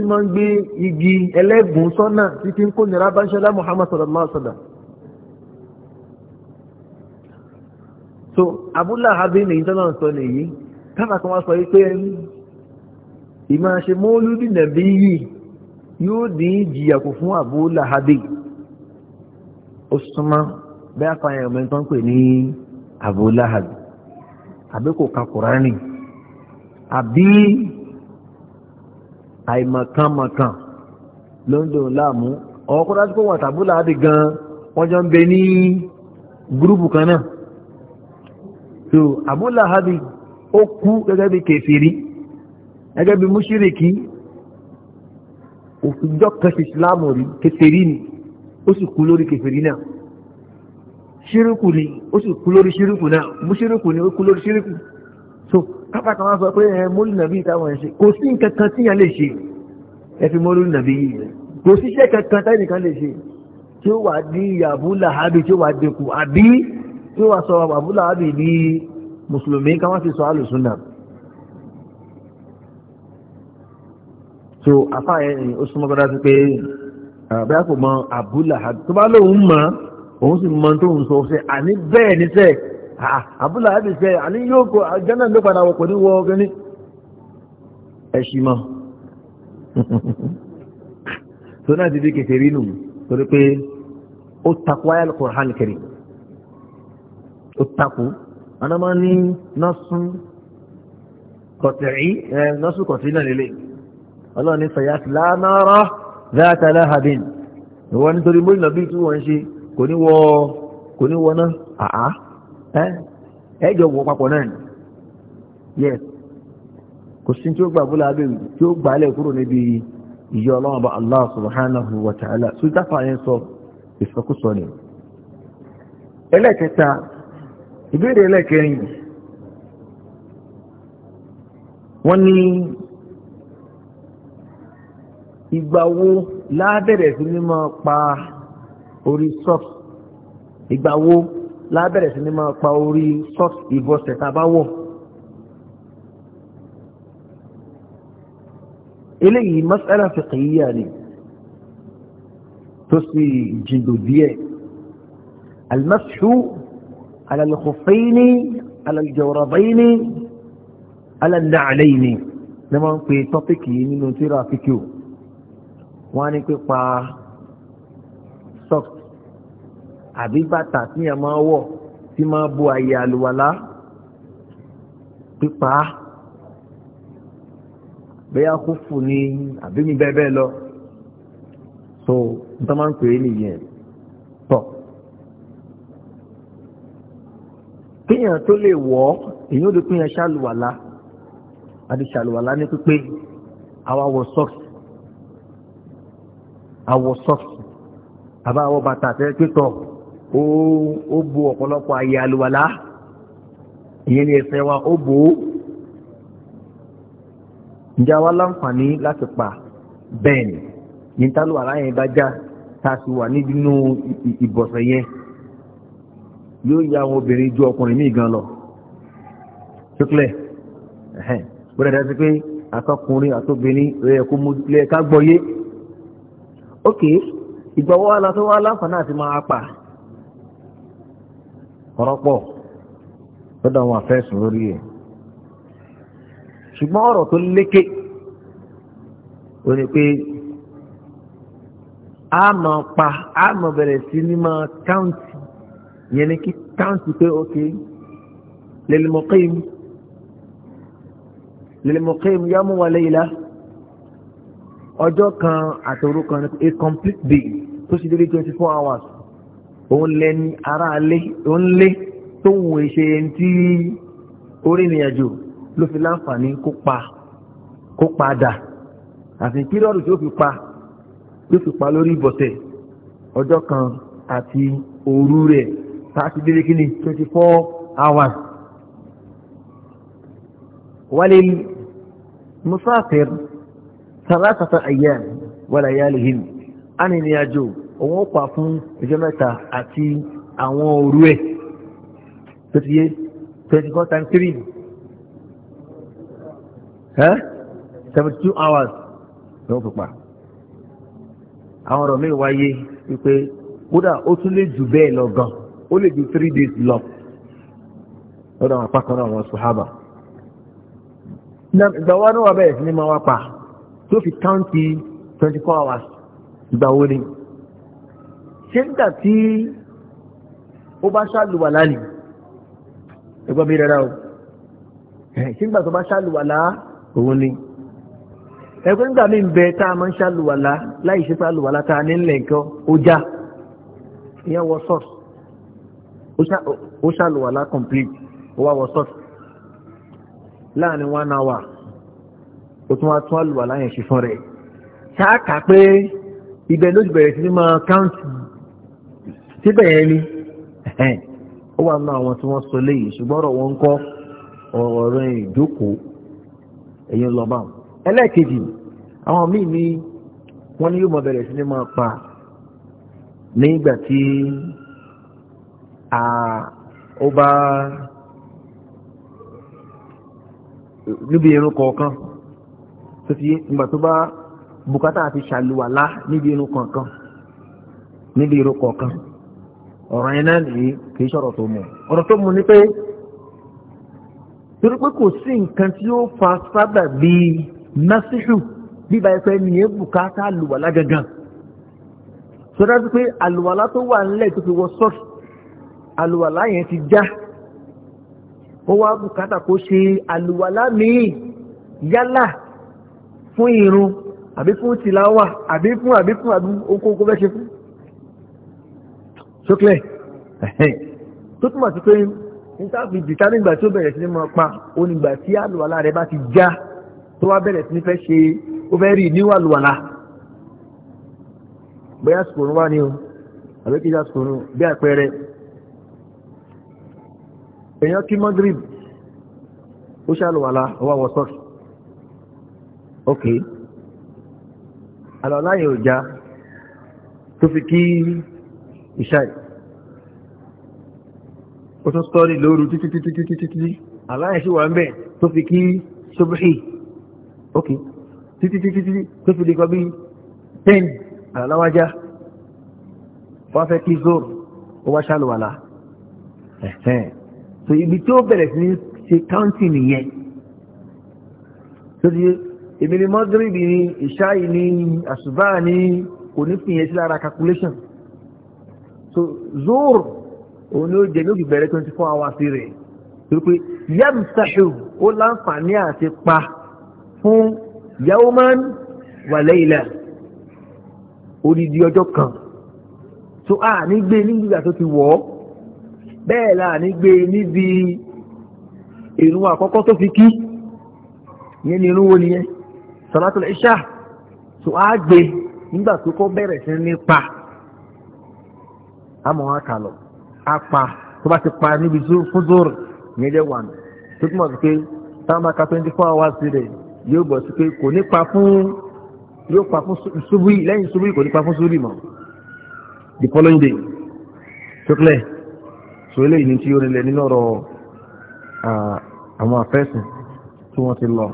máa ń gbé igi ẹlẹ́gùn sọ́nà títí ń kó nira báṣẹ́lá sallallahu alaihi so abúlá habib nìyí sọ nìyí káfà kan sọ yóò dín ìjìyà fún Abu Lahabi ó súnmọ́ bẹ́ẹ̀ apáyẹ̀ ọmọ ẹni tó ń pè ní Abu Lahabi àbí kò ka Kùránì àbí àìmọ̀kànmọ̀kàn ló ń dòun láàmú ọkọ̀ dájú pé wọ́n tàbí láàbì gan wọ́n jọ ń bẹ ní gúrùpù kan náà so Abu Lahabi ó kú gẹ́gẹ́ bí kèfèrí gẹ́gẹ́ bí múṣírìkì òfijọ́ kan ṣe islam rí kèfèrí ni ó sì kú lórí kèfèrí náà ṣírùkù ni ó sì kú lórí ṣírùkù náà mú ṣírùkù ni ó kú lórí ṣírùkù so kápá kan wá sọ pé ẹ mólú nàbí ìtàwọn ẹ̀ṣẹ̀ kò sí nǹkan kan tíyàn lè ṣe ẹ fi mólú nàbí yìí kò sí iṣẹ́ kankan táyì nìkan lè ṣe tí ó wà ní ìyàbú làhábì tí ó wà dẹkù àbí tí ó wà sọ àbú làhábì ní mùsùlùmí káwọn sì sọ àlùsùn náà so afáyẹ ni ó súnmọ́ gbọ́dá sí pé bẹ́ẹ̀ kò mọ abúlà tó bá lóun mọ̀ òun sì mọ tó ń sọ ṣe àní bẹ́ẹ̀ ní sẹ́ abúlà àbí sẹ́ àní yóò kó jẹ́nà ló padà wọ̀ pọ̀ ní wọ ọgbẹ́ni ẹ̀ṣì mọ́ tó náà ti di kékeré nù torí pé ó takò ayé Al-Qur'an kiri ó takò anamani nasu kọtẹ̀rí nasu kọtẹ̀rí náà lélẹ́yìn ọlọ́run ní fẹ̀yàtì lánàárọ̀ dáàtàlá habin ìwọ́n nítorí mú ìlọ́bí tí wọ́n ń ṣe kò ní wọ kò ní wọ náà àá ẹjọ wọ papọ̀ náà ni yẹ kò sí tí ó gbà búlá abẹ́ tí ó gbà lẹ̀ kúrò níbi ìyọ ọlọ́run bá Allah subhanahu wa ta'ala tó dáfà yẹn sọ ìfọkúsọ ni ẹlẹ́kẹta ìbéèrè ẹlẹ́kẹrin wọ́n ní ìgbà wo lábẹ̀rẹ̀ sí ní máa pa orí socks ìgbà wo lábẹ̀rẹ̀ sí ní máa pa orí socks ìbọ̀sẹ̀ tá a bá wọ̀. eléyìí mas'ala fiqhiyya ni tó sì jìndò díẹ̀ al-mashu ala al-khuffaini ala pe tọ́pìkì nínú tíra fíkìó wọ́n á ní pípa socks àbí bàtà tí yẹn máa wọ̀ tí máa bo àyè àlùwàlá pípa bẹ́yà kó fò ní àbí mi bẹ́ẹ̀ bẹ́ẹ̀ lọ so n tó máa ń pè é nìyẹn tọ̀ kéèyàn tó lè wọ̀ ọ́ èyí ó lè pín yẹn ṣàlùwàlá àti ṣàlùwàlá ní pípé àwa wọ̀ socks awọ sọ́ọ̀tù àbá awọ bàtà tẹ́ pẹ́tọ̀ ó bu ọ̀pọ̀lọpọ̀ ayé àlùwàlá ìyẹn ni ẹsẹ̀ wa ó bò ó ǹjẹ́ àwa láǹfààní láti pa bẹ́ẹ̀ ni yìí tá lùwàlá yẹn bá já tá a sì wà nínú ìbọ̀sẹ̀ yẹn yóò ya àwọn obìnrin ju ọkùnrin míì gan lọ ṣúklẹ̀ ẹ̀hẹ́n bó dàda sí pé àtọkùnrin àtobìnrin rẹ̀ kó mú lẹ́ẹ̀ká ok ìgbàwọ́ ala tó wá láǹfààní àti máa pa ọ̀rọ̀ pọ̀ lọ́dọ̀ àwọn àfẹ́sùn lórí ẹ̀ ṣùgbọ́n ọ̀rọ̀ tó lékè ó ní pé a máa pa a máa bẹ̀rẹ̀ sí ní máa káùntì yẹn ni kí káùntì pé ok lèlèmọ̀kéyìm lèlèmọ̀kéyìm yá mú wa léyìí lá ọjọ́ kan àtòru kan a complete day tó ṣe déédéé twenty four hours òun lẹni ara alẹ́ òun lé tó ń wòye ṣe ẹni tí orí ìrìnàjò ló fi láǹfààní kó pa kó padà àfi pírọ́ọ̀dù tí ó fi pa tí ó fi pa lórí ìbọ̀tẹ̀ ọjọ́ kan àti òru rẹ̀ tààtì déédéé kí ni twenty four hours. wálé musafir ثلاثة أيام وليالهن أني نياجو òun ó pa fún ọjọ́ mẹ́ta àti àwọn òru ẹ̀ tó ti yé twenty four times three ẹ́ seventy two hours ni wọ́n fi pa àwọn ọ̀rọ̀ mi wáyé wípé kódà ó tún lè jù bẹ́ẹ̀ lọ gan ó lè ju three days lọ lọ́dọ̀ àwọn apá kan náà àwọn sùhábà ìgbà wa ni wà bẹ́ẹ̀ sí ni máa wá tó fi káùntì 24 hours ìgbà wo ni ṣé nígbà tí ó bá ṣàlùwàlá ni ẹgbọ́n mi rẹ̀ rà o ṣé nígbà tó bá ṣàlùwàlá òun ni ẹgbẹ́ nígbà mí bẹ tá a máa ń ṣàlùwàlá láì ṣe ṣàlùwàlá tá a ní ńlẹ̀ nǹkan ó já ìyẹn wọ sọ́ọ̀sì ó ṣàlùwàlá complete ó wá wọ sọ́ọ̀sì láàrin one hour o tún wá tún àlùwàlá yẹn ṣe fún rẹ̀ ṣáàkà pé ibẹ̀ ló ti bẹ̀rẹ̀ sí máa káùntì síbẹ̀ yẹn ni ó wà nínú àwọn tí wọ́n sọ léyìí ṣùgbọ́n ọ̀rọ̀ wọn ń kọ́ ọ̀rọ̀ ìjókòó ẹ̀yìn lọ́ba ẹlẹ́ẹ̀kejì àwọn míì ní wọ́n ní yóò máa bẹ̀rẹ̀ sí ní máa pa nígbà tí ó bá níbi irun kọ̀ọ̀kan tó ti ìgbà tó bá bùkátà àti ṣàlùwàlá níbi irun kọ̀ọ̀kan níbi irun kọ̀ọ̀kan ọ̀rọ̀ yẹn náà nìyí kì í ṣọ̀rọ̀ tó mú ọ̀rọ̀ tó mú ni pé torí pé kò sí nǹkan tí ó fa sábà bíi násìlù bíbá ẹ̀fẹ́ nìyẹn bùkátà àlùwàlá gangan tó pé àlùwàlá tó wà nílẹ̀ tó fi wọ sọ́ọ̀tù àlùwàlá yẹn ti já ó wá bùkátà kó ṣe àlùwàlá míì yálà fún irun àbí fún tìláwà àbí fún àbí fún àbí okókó fẹ́ ṣe fún ṣókẹ́ tó túnmọ̀ sí pé nítàfi jìtá nígbà tí ó bẹ̀rẹ̀ sí ní mọ́ pa ó nígbà tí àlùwàlá rẹ̀ bá ti já tó wá bẹ̀rẹ̀ sí ní fẹ́ ṣe ó fẹ́ rí níwà àlùwàlá bóyá sùkòrò wá ní o àbí kí já sùkòrò bí àpẹẹrẹ èèyàn kí mọ́gírì ó ṣàlùwàlá ó wà wọ sọ́ọ̀kì ok àlọ́lá yẹn ò já tó fi kí ìṣáì ó tún sọ́ọ́rì lóru títí títí títí títí àláyẹ̀ sí wà ń bẹ̀ tó fi kí ṣubúhì ok títí títí títí tó fi lè kọ bí 10 àlọ́láwájá wọ́n fẹ́ kí zoro ó wá ṣàlùwàlá so ibi tí ó bẹ̀rẹ̀ sí ṣe káùntì nìyẹn tó ti èmi ni mọ́gírìbì ni ìṣáì ni àṣùbá ni kò ní fìyẹn sí lára calculation so zoor òun ni ó jẹ ní òbí bẹ̀rẹ̀ twenty four hours rẹ̀ torípé yamsahu ó láǹfààní àti pa fún yawman wa odidi ọjọ́ kan so a ní gbé nígbà tó ti wọ̀ ọ́ bẹ́ẹ̀ la ní gbé níbi ìrun àkọ́kọ́ tó fi kí yẹn ni irun wo nìyẹn sọlátùl ìṣá tó á gbé nígbà tó kọ́ bẹ̀rẹ̀ sí ní pa àmọ́ wọn kà lọ á pa tó bá ti pa níbi tó fún zoro ìyẹn jẹ́ wàn tó túmọ̀ sí pé táwọn bá ka twenty four hours rẹ̀ yóò bọ̀ sí pé kò ní pa fún yóò pa fún ṣubú lẹ́yìn ṣubú kò ní pa fún ṣubú mọ́ the following day tó so eléyìí ni tí yóò rinlẹ̀ nínú ọ̀rọ̀ àwọn àfẹ́sùn tí wọ́n ti lọ.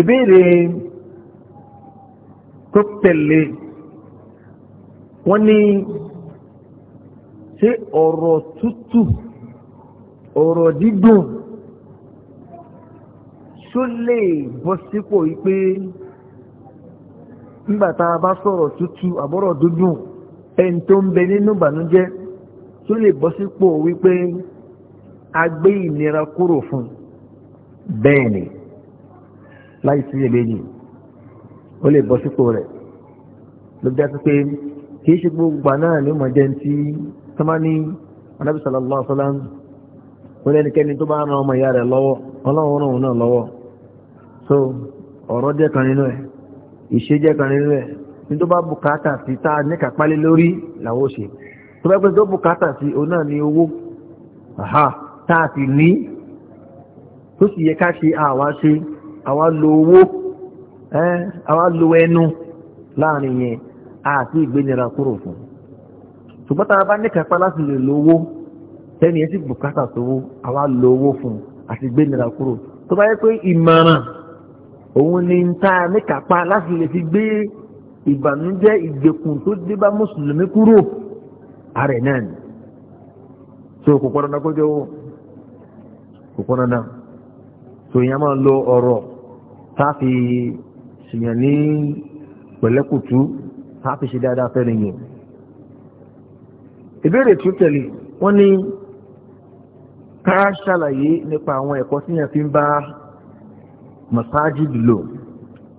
ìbéèrè tó tẹ̀lé wọ́n ní ṣé ọ̀rọ̀ tútù ọ̀rọ̀ dídùn ṣó lè bọ́ sípò wípé nígbà tá a bá sọ̀rọ̀ tútù àbọ̀rọ̀ dúdùn ẹni tó ń bẹ nínú ìbànújẹ́ tó lè bọ́ sípò wípé a gbé ìnira kúrò fún láì sí èméjì ó lè bọ́ sípò rẹ̀ ló dá sí pé kì ṣe gbogbo náà ní mọ̀jẹ́ tí tamani anábì sallallahu alaihi wasallam tó bá ran ọmọ ìyá rẹ̀ lọ́wọ́ ọlọ́run náà lọ́wọ́ so ọ̀rọ̀ jẹ́ kan nínú ẹ̀ ìṣe jẹ́ kan nínú ẹ̀ ní tó bá bùkátà sí tá a níkà pálí lórí làwọn ò ṣe tó bá pẹ́ tó bùkátà sí òun náà ní owó tá a sì ní àwa lo owó àwa lo ẹnu láàrin yẹn àti ìgbénira kúrò fún ṣùgbọ́n tá a bá ní kápá láti lè lo owó tẹ́ni ẹ̀ sì bùkátà sówó àwa lo owó fún àti ìgbénira kúrò tó bá yẹ pé ìmọ̀ràn òun ni ń ta ní kápá láti lè fi gbé ìbànújẹ́ ìgbèkùn tó dé bá mùsùlùmí kúrò ààrẹ náà ni so kò pọ́n dandan kó jẹ́ owó kò pọ́n dandan so ìyẹn máa lo ọ̀rọ̀ táàfi ṣìyàn ní pẹ̀lẹ́kùtù táàfi ṣe dáadáa fẹ́ nìyẹn ìbéèrè tó tẹ̀lé wọ́n ní ká ṣàlàyé nípa àwọn ẹ̀kọ́ tíyàn fi ń bá masájìdì lò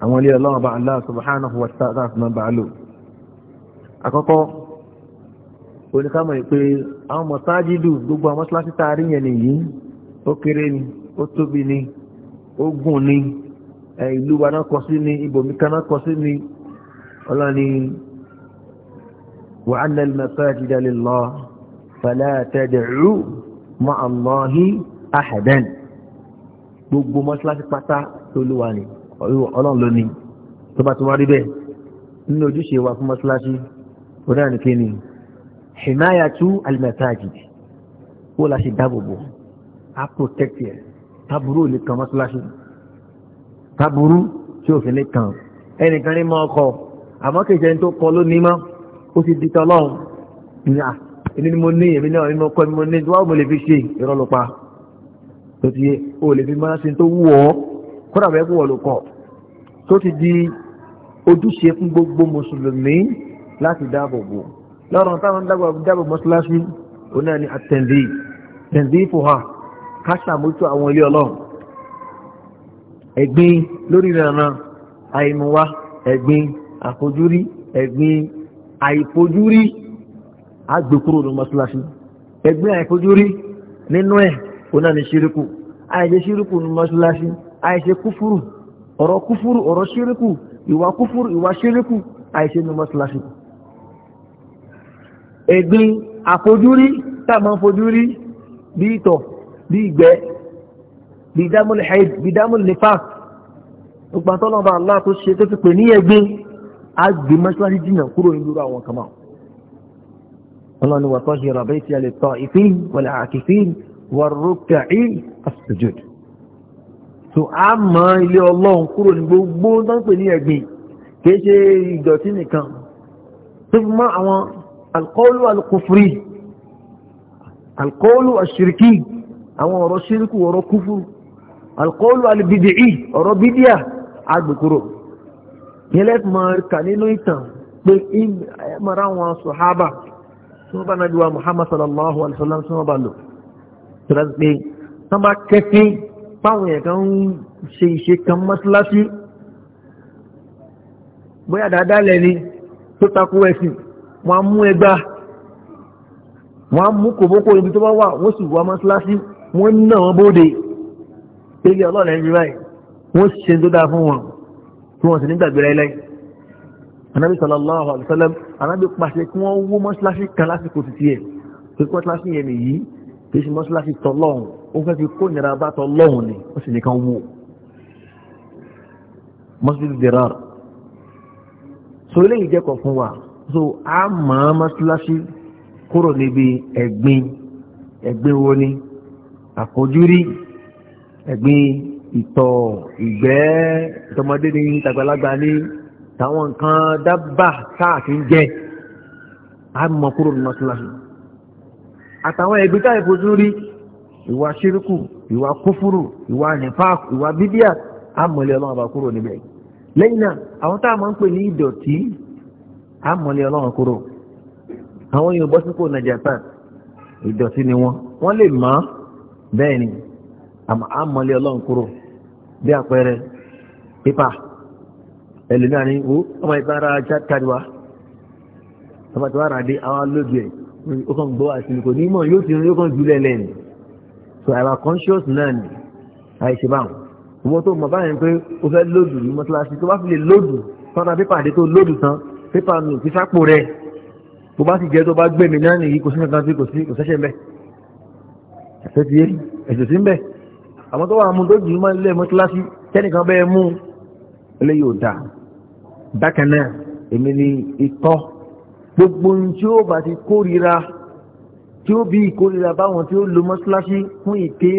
àwọn ilé ọlọ́run bá Allah subhanahu wa ta'ala máa bá lò àkọ́kọ́ oníkàmọ̀ ìpé àwọn masájìdù gbogbo àwọn mọ́sálásí tá a rí yẹn nìyí ó kéré ni ó tóbi ni ó gùn ni ìlú wa náà kọ sí ni ibòmí kan náà kọ sí ni ọlọ́ni wa anna al-masajida lillah fala tad'u ma'a Allahi ahadan gbogbo mọ́ṣáláṣí pátá tó ló wà ní ọlọ́run ló ní tó bá ti wá rí bẹ́ẹ̀ nínú ojúṣe wa fún mọ́ṣáláṣí orí àníkè ni himayatu al-masajid kó la ṣe dáàbò bò á protect yẹ tábúrò lè kan mọ́ṣáláṣí taburú tí òfin lè kàn ẹnìkan ní mọ ọkọ àmọ́ kìí ṣe ẹni tó kọ ló ní mọ́ ó ti di tọ́lọ́run ní à èmi ni mo ní èmi náà ni mo kọ́ ni mo ní tí wàá mo lè fi ṣe ìrọ́lùpa tó ti yé o lè fi máa ṣe tó wù ọ́ kódà bẹ́ẹ̀ kú wọ́n ló kọ̀ tó ti di ojúṣe fún gbogbo mùsùlùmí láti dáàbò bò lọ́rùn táwọn dáàbò mọ́ṣáláṣí òun náà ni àtẹ̀ǹdì tẹ̀ǹdì fòhà ká ṣàmójútó àwọn ilé ọlọ́run ẹ̀gbin lórí ìlànà àìmúwá ẹ̀gbin àfojúrí ẹ̀gbin àìfojúrí àgbèkúrò ní mọ́ṣáláṣí ẹ̀gbin àìfojúrí nínú ẹ̀ òun náà ní ṣíríkù àìṣe ṣíríkù ní mọ́ṣáláṣí àìṣe kúfúrù ọ̀rọ̀ kúfúrú ọ̀rọ̀ ṣíríkù ìwà kúfúrú ìwà ṣíríkù àìṣe ní mọ́ṣáláṣí. ẹ̀gbin àfojúrí tá a máa ń fojú rí bí ìtọ̀ bí ìgbẹ́ bìdámúlì haid bìdámúlì nifas gbogbo àtọ́lọ́ba Allah tó ṣe tó fi pè ní ẹgbẹ́ àgbè mọ́ṣúárì jìnnà kúrò nínú àwọn kan máa ọlọ́ni wà tó ṣe rọ̀bẹ́ tí a lè tọ́ ìfín wọlé àkìfín wọ̀rọ̀kẹ̀ ì àṣìjòd tó a mọ ilé ọlọ́run kúrò ní gbogbo tó alkufri alkọ́ọ̀lù àṣìríkì àwọn ọ̀rọ̀ ṣíríkù ọ̀rọ̀ kúfúrú alkọ́ọ̀lù alìbìdìí ọ̀rọ̀ bídíà agbèkúrò yẹlẹ́ máa kà nínú ìtàn pé mara wọn sọ̀hábà tí wọ́n bá náà jùwà Muhammad sallallahu alaihi wasallam tí wọ́n bá lò tẹ́lá sí pé wọ́n bá kẹ́fín páwọn èèyàn kan ń ṣe ìṣe kan mọ́síláṣí bóyá dáadáa lẹ́ni tó takú ẹ̀sìn wọ́n á mú ẹgbàá wọ́n á mú kòbókò ibi tó bá wà wọ́n sì wá mọ́síláṣí wọ́n ń bóde pélé ọlọ́ọ̀lẹ́ ń rí báyìí wọ́n ṣe tó dáa fún wọn tí wọ́n sì ní gbàgbé láyé láyé anábì sallallahu alaihi wasallam anábì pàṣẹ kí wọ́n wó mọ́ṣáláṣí kan lásìkò títí ẹ̀ pé kí mọ́ṣáláṣí yẹn nìyí kì í ṣe mọ́ṣáláṣí tọlọ́hùn ó fẹ́ fi kó ìnira bá tọlọ́hùn ni ó sì nìkan wó mọ́ṣáláṣí dirar so eléyìí jẹ́kọ̀ fún wa so a mọ̀ mọ́ṣáláṣí kúrò níbi ẹ̀gbin ẹ̀gbin wo ni àfojúrí ẹ̀gbin ìtọ̀ ìgbẹ́ tọmọdé ní tàgbàlagbà ní táwọn nǹkan dábà káàkiri ń jẹ á mọ kúrò nínú kíláàsì àtàwọn ẹ̀gbin táyà fojú rí ìwà ṣírùkù ìwà kúfúrù ìwà nífàkù ìwà bídíà á mọ̀lẹ́ ọlọ́run bá kúrò níbẹ̀ lẹ́yìn náà àwọn táà máa ń pè ní ìdọ̀tí á mọ̀lẹ́ ọlọ́run kúrò àwọn yorùbá sípò nàìjíríà ìdọ̀tí ni wọ́n wọ́n lè mọ̀ bẹ́ẹ̀ ni àmọ́lé ọlọ́run kúrò bí àpẹẹrẹ pípa ẹlòmíà ní ó ọmọ ìbára ajá tàdíwá ọmọ tí wọ́n rà dé àwọn alóògbé ẹ̀ ó kàn gbọ́ àsìlè kò ní mọ̀ yóò ti rìn ó kàn jùlẹ̀ lẹ́nu so our conscious náà ni àìṣe báwọn owó tó mọ̀ báyìí pé ó fẹ́ lóòdù ní mọ́tíláṣí tó bá fi lè lóòdù tọ́ta pépà àdé tó lóòdù tán pépà nù ti sápò rẹ̀ tó bá sì jẹ́ tó bá gbẹ̀mí náà nìyí kò sí nǹkan tí kò sí kò sẹ́sẹ̀ ń bẹ̀ ẹ̀sẹ̀ ti yé ẹ̀sẹ̀ sí ń bẹ̀ àmọ́ tó wà mú tó jù mọ́ ilé mọ́tíláṣí tẹ́nìkan bẹ́ẹ̀ mú ilé yóò dà bákan náà èmi ni ikọ́ gbogbo ohun tí ó bá ti kórira tí ó bí ìkórira báwọn tí ó lo mọ́tíláṣí fún ìké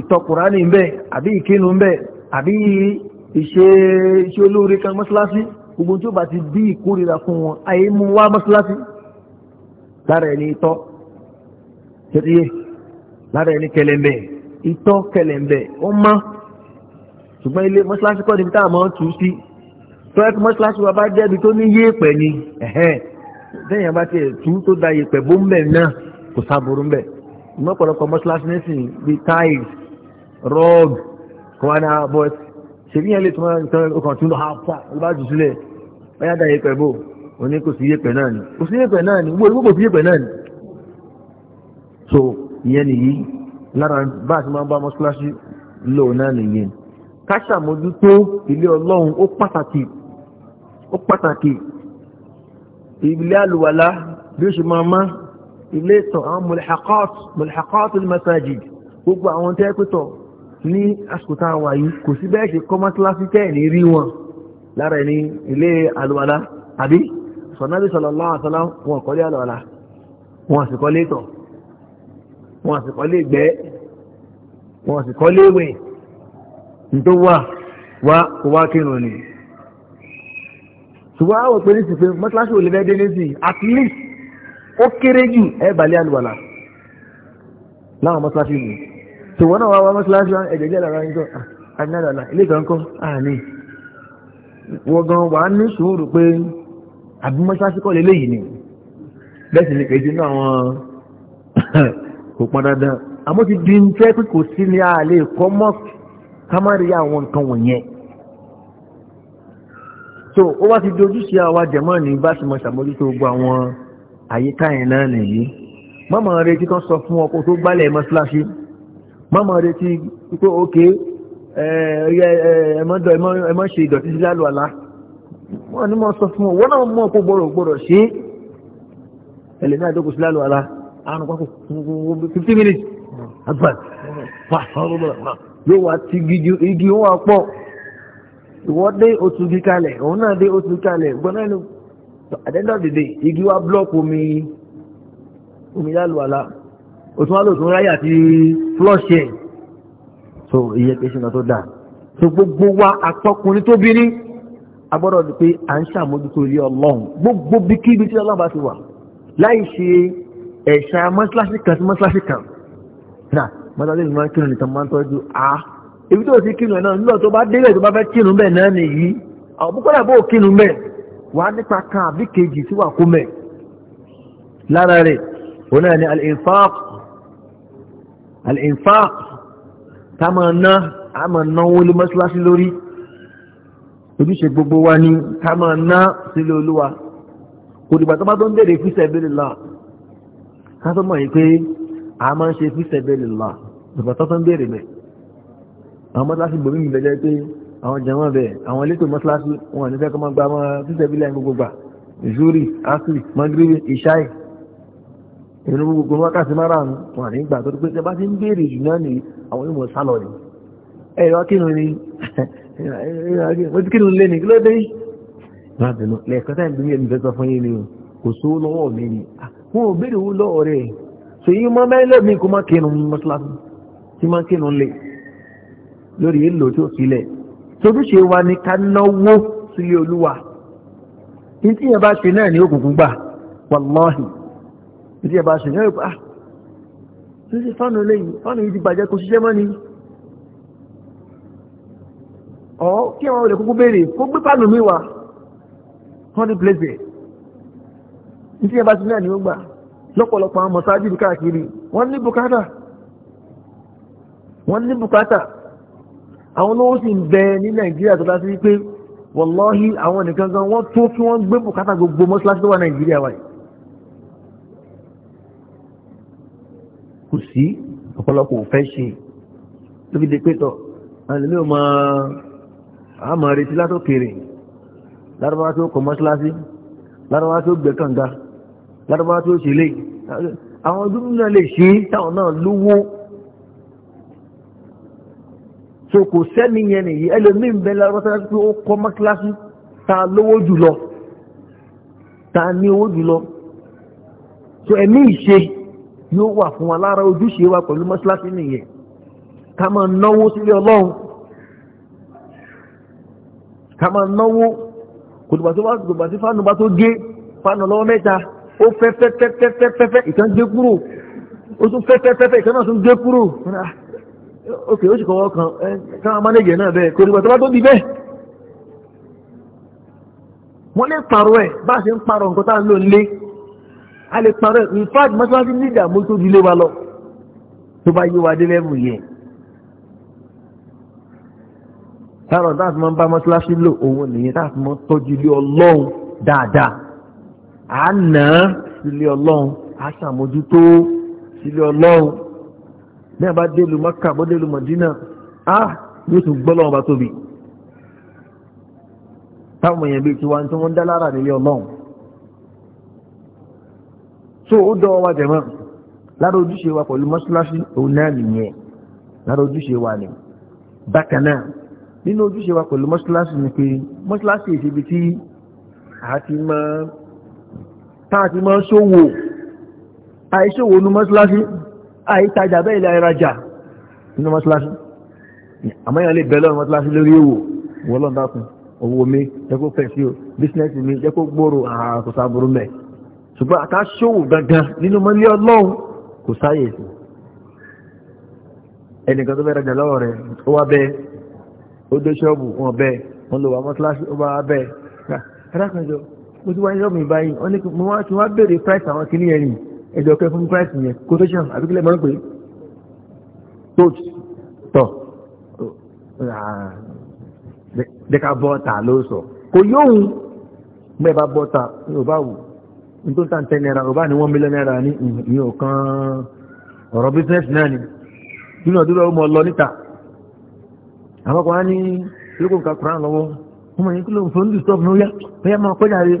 ìtọkùránì ń bẹ àbí ìkénu ń bẹ àbí ìṣe iṣẹ́ olóore kan mọ́tíláṣí gbogbo ohun tí ó bá ti bí ìkórira fún wọn àyè mú wá mọ́tíláṣí lára ẹni itọ́ tẹ́tíyé lára ẹni kẹlẹ́mbẹ́ẹ̀ ìtọ́ kẹlẹ̀mbẹ̀ ó má ṣùgbọ́n ilé mọ́ṣáláṣí kọ́ níbi táwọn máa ń tù ú sí tọ́lẹ́tì mọ́ṣáláṣí wa bá jẹ́bi tó ní yéèpẹ̀ ni lẹ́yìn bá tiẹ̀ tù ú tó da yéèpẹ̀ bó ń bẹ̀ náà kò sábòrò ń bẹ̀ ìmọ̀pọ̀lọpọ̀ mọ́ṣáláṣí nísìn bíi tiles rug kọ́wádà but ṣèbí yẹn lè tún ọkàn tún lọ hapa ló bá jù sílẹ̀ báyà da yéèpẹ̀ bò ó ní kò sí yéèpẹ̀ náà ni kò sí yéèpẹ̀ náà ni wọ́n kò sí yéèpẹ̀ náà ni lára bá ti máa bá mọ́ṣáláṣí lò náà nìyẹn ká ṣàmójútó ilé ọlọ́run ó pàtàkì ó pàtàkì ilé àlùwàlá bí ó ṣe máa má ilé ìtàn àwọn mulhaqat mulhaqat al-masajid gbogbo àwọn tẹ́ pẹ́tọ̀ ní àsìkò tá a wà yìí kò sí bẹ́ẹ̀ ṣe kọ́ mọ́ṣáláṣí tẹ́ ní rí wọn lára ẹni ilé àlùwàlá àbí sọ̀nàbí sallallahu alaihi wọn kọ́lé àlùwàlá wọn sì kọ́lé ìtàn wọn sì kọ́lé gbẹ́ wọn sì kọ́lé wẹ̀ tó wà wá kó wá kírun ni ṣùgbọ́n àwọn òpin sì pé mọ́tíláṣí ò lè fẹ́ dé ní sí at least ó kéré jù ẹ balẹ̀ àlùwàlà láwọn mọ́tíláṣí mi ṣùgbọ́n náà wá wá mọ́tíláṣí ẹ̀jẹ̀ jẹ́ lára yín tó àdínàdàlà ah, ilé kan kọ́ àní ah, wọ́n gan wà ní sùúrù pé àbí mọ́tíláṣí kọ́ lélẹ́yìí ni bẹ́ẹ̀ sì ni kèjì náà àwọn kò pọn dandan àmọ́ ti di ń fẹ́ pé kò sí ní àlè kọ́ mọ́ọ̀kì ká àwọn nǹkan wọ̀nyẹn so ó wá ti dojú sí àwa jẹ̀mọ́ ní bá ṣe mọ̀ ṣàmójútó gbogbo àwọn àyíká yẹn náà nìyí mọ́mọ́ retí kan sọ fún ọkọ̀ tó gbálẹ̀ mọ́ṣáláṣí mọ́mọ́ retí pé ókè ẹ̀mọ́dọ̀ ẹ̀mọ́ ṣe ìdọ̀tí sí lálù àlá wọ́n ní mọ́ sọ fún ọ wọ́n náà mọ́ ọkọ̀ gbọ́rọ̀ gbọ́rọ̀ ṣe ẹlẹ́ni àdókò àrùn pákó fifty minutes advance wà sọ́rọ́ lọ́la yóò wá ti igi wọn pọ̀ ìwọ́ dé oṣù gi kalẹ̀ òun náà dé oṣù kalẹ̀ gbọ́n ẹnu àdẹ́dà dìde igi wa blọ́ọ̀kì omi omi yálò àlá òtún wa lòtún ráyà ti flush ẹ̀ so iye kẹsì náà tó dáa so gbogbo wa àtọkùnrin tó bí ní agbọ́dọ̀ pé à ń ṣàmójútó ilé ọlọ́run gbogbo bíkíbi tí ọlọ́run bá ti wà láì ṣe ẹ̀ṣà mọ́síláṣí kan sí mọ́síláṣí kan náà mọ́síláṣí kan máa ń kírun nìkan máa ń tọ́jú a ibi tó ti kírun ẹ̀ náà nígbà tó bá délẹ̀ tó bá fẹ́ kírun bẹ́ẹ̀ náà nìyí àwọn búkọ́lá bó kírun bẹ́ẹ̀ wà á nípa kan àbí kejì tí wà kú mẹ́ lára rẹ̀ òun náà ni al-infaq al-infaq máa ná a máa náwó lé mọ́síláṣí lórí ojúṣe gbogbo wa ni ká máa ná sílé olúwa kò dìgbà tó bá tó ń bèrè kátó mọ̀ yí pé a máa ń ṣe fi sabilillah ìgbà tó tán béèrè bẹ̀ àwọn mọ́sálásí gbòmí mi lẹ́jọ́ pé àwọn jẹ̀mọ́ bẹ̀ àwọn elétò mọ́sálásí wọn àti fẹ́ kọ́ máa gba máa fi sabilillah gbogbo gbà zuri asiri magribi ishai ìrìn gbogbo wákàtí márùn-ún wọn àti ìgbà tó pé tẹ bá ti ń béèrè jù náà ni àwọn ìmọ̀ sálọ ni ẹ̀rọ kínú ni mo ti kínú lé ní kí ló dé yìí lẹ́ẹ̀kọ́tà ìgbìmọ̀ ìfẹ́ sọ fún yín ni kò sówó lọ́wọ́ mi ni ah, wọn ò bèèrè ụlọ lọ́wọ́ rẹ̀ so yín mọ́ mẹ́lẹ́ mi kó má kẹnu mọ́sálásí tí má kẹnu lè lórí èlò tí ó sílẹ̀ tójúṣe wa ni ká náwó sílé olúwa ní tí bá ṣe náà ní òkùnkùn gbà wàláhì ní tí bá ṣe náà yóò ah, fánù lẹ́yìn fánù yìí ti ìṣẹ́ bá ti náà ni ó gbà lọ́pọ̀lọpọ̀ àwọn mọ̀sáájì ní káàkiri wọ́n ní bùkátà wọ́n ní bùkátà àwọn olówó sì ń bẹ ní nàìjíríà tó dá sí pé wọ̀lọ́hí àwọn nìkan gan wọ́n tó kí wọ́n gbé bùkátà gbogbo mọ́ṣáláṣí tó wà nàìjíríà wáyé kò sí ọ̀pọ̀lọpọ̀ òfẹ́ ṣe tó fi de pé tọ̀ àlùmí ò máa àmọ̀ retí látòkèrè lárúbáwá tó kọ mọ́ṣáláṣí lárúbáwá tó gbẹ lárúbáwá tó ṣe lè àwọn gómìnà lè ṣe táwọn náà lówó so kò sẹ́ni yẹn nìyí ẹlòmíì ń bẹ lárúbáwá tó ṣe pé ó kọ́ mọ́kíláṣí ta lówó jùlọ ta ní owó jùlọ so ẹ̀mí ìṣe yóò wà fún wa lára ojúṣe wa pẹ̀lú mọ́ṣáláṣí nìyẹn ká máa náwó sílé ọlọ́run ká máa náwó kò dùgbà tó bá tó gé fánà lọ́wọ́ mẹ́ta ó fẹ́ fẹ́fẹ́fẹ́fẹ́fẹ́ ìkan gé kúrò ó tún fẹ́fẹ́fẹ́fẹ́ ìkan náà tún gé kúrò ah, ok ó sì kọ́wọ́ kan káwọn mánéjì náà bẹ́ẹ̀ kò nígbà tó bá tó di bẹ́ẹ̀ wọ́n lè pààrọ̀ ẹ̀ bá a ṣe ń pààrọ̀ nǹkan tá à ń lò nílé a lè pààrọ̀ ẹ̀ in fact mọ́tíwájú ní ìdààmú tó di lé wa lọ tó bá yé wa dé lẹ́bù yẹn táwọn táà fi máa ń bá mọ́tíwájú lò òun nìyẹn táà fi máa ń tọ́jú ilé ọlọ́run dáadáa à ń nà á sílé ọlọ́run à ṣàmójútó sílé ọlọ́run bí a bá délu mọ́kà bó délu mọ̀dínà á yóò tún gbọ́ lọ́wọ́ bá tóbi táwọn èèyàn bíi tiwa tí wọ́n ń dá lára nílé ọlọ́run so ó dọ́ wa jẹ̀mọ́ lára ojúṣe wa pẹ̀lú mọ́ṣáláṣí òun náà nìyẹn lára ojúṣe wa ni bákan náà nínú ojúṣe wa pẹ̀lú mọ́ṣáláṣí ni pé mọ́ṣáláṣí ìṣebi tí a ti máa táà ti máa ṣòwò àìṣòwò ní mọ́síláṣí àìtajà bẹ́ẹ̀ ilẹ̀ ìrajà ní mọ́síláṣí àmọ́yàn lè bẹ̀rẹ̀ lọ́rùn mọ́síláṣí lórí èwò wọ́n lọ́n dákun owó mi jẹ́ kó fẹ̀sí o bísínẹ́sì mi jẹ́ kó gbòòrò kò sáàbùrú mẹ́ ṣùgbọ́n àká ṣòwò gangan nínú mọ́lẹ́ ọlọ́run kò sáyè sí ẹnìkan tó fẹ́ rajà lọ́wọ́ rẹ̀ ó wá bẹ́ẹ̀ ó dé ṣọ́ọ̀bù wọn bẹ́ẹ̀ wọn lò wá mọ́síláṣí ó bá wá bẹ́ẹ̀ mo ti wá ní lọ́mù ìbáyìí wọ́n ní mo wá ti wá béèrè price àwọn kìíní yẹn ni ẹ̀jọ̀ kẹ fún price yẹn quotation àbí kílẹ̀ mọ́rọ́ pé toast tọ̀ dẹ́ka bọ́ta ló sọ kò yóhun bẹ́ẹ̀ bá bọ́ta yóò bá wù ní tó ń ni dúnàdúrà ó mọ lọ níta àwọn kan á ní lókùnkà lọ́wọ́ wọ́n mọ̀ yín ló ń fọ́n ní ó yá ó yá máa kọjá rẹ̀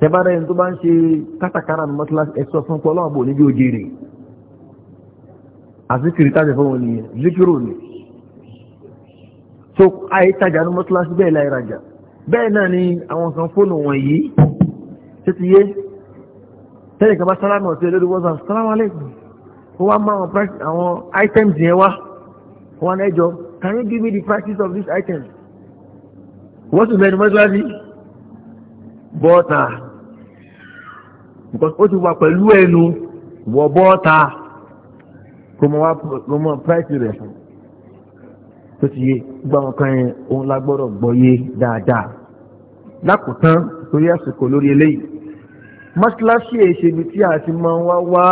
tẹ́bára ẹni tó bá ń ṣe kátàkárà ní mọ́tíláṣí ẹ̀sọ́ fún pọ́ lọ́wọ́ bò níbi òjèrè àzíkiri tájẹ fún wọn nìyẹn zíkírò ni so ayé tájà ní mọ́tíláṣí bẹ́ẹ̀ láì rajà bẹ́ẹ̀ náà ni àwọn kan fóònù wọn yìí ṣé ti yé tẹ́lẹ̀ kan bá sálámù ọ̀sẹ̀ lórí wọ́sàn sálámù alẹ́kùn ó wá mú àwọn àwọn items yẹn wá wọn ẹjọ can you give me the prices of these items wọ́n sì mẹ́nu mọ́tíláṣí bọ́ọ̀tà ah, because ó ti wà pẹ̀lú ẹnu wọ̀ bọ́ta kò mọ̀ wá kò mọ̀ price rẹ̀ fún tó ti yé gbọ́ àwọn kan yẹn òun la gbọ́dọ̀ gbọ́yé dáadáa lákòótán torí àsìkò lórí eléyìí mọ́ṣáláṣí èṣèlú tí a ti máa ń wá wá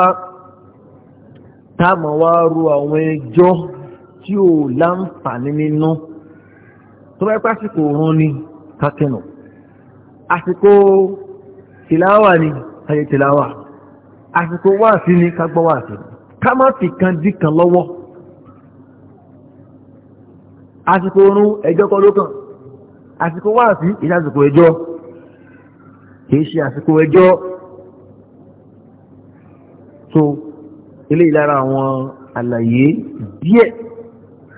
táàmù wá ru àwọn ẹjọ́ tí ò láǹfààní nínú tó bá pẹ́ àsìkò òun ni kákẹ́nù àsìkò tìláwà ni ayé tìláwà àsìkò wáàsí ní kágbọ́ wáàsí ká má fi kan dí kan lọ́wọ́ àsìkò oorun ẹjọ́ kọ́ ló kàn àsìkò wáàsí ìdásìkò ẹjọ́ kìí ṣe àsìkò ẹjọ́ so eléyìí lára àwọn àlàyé díẹ̀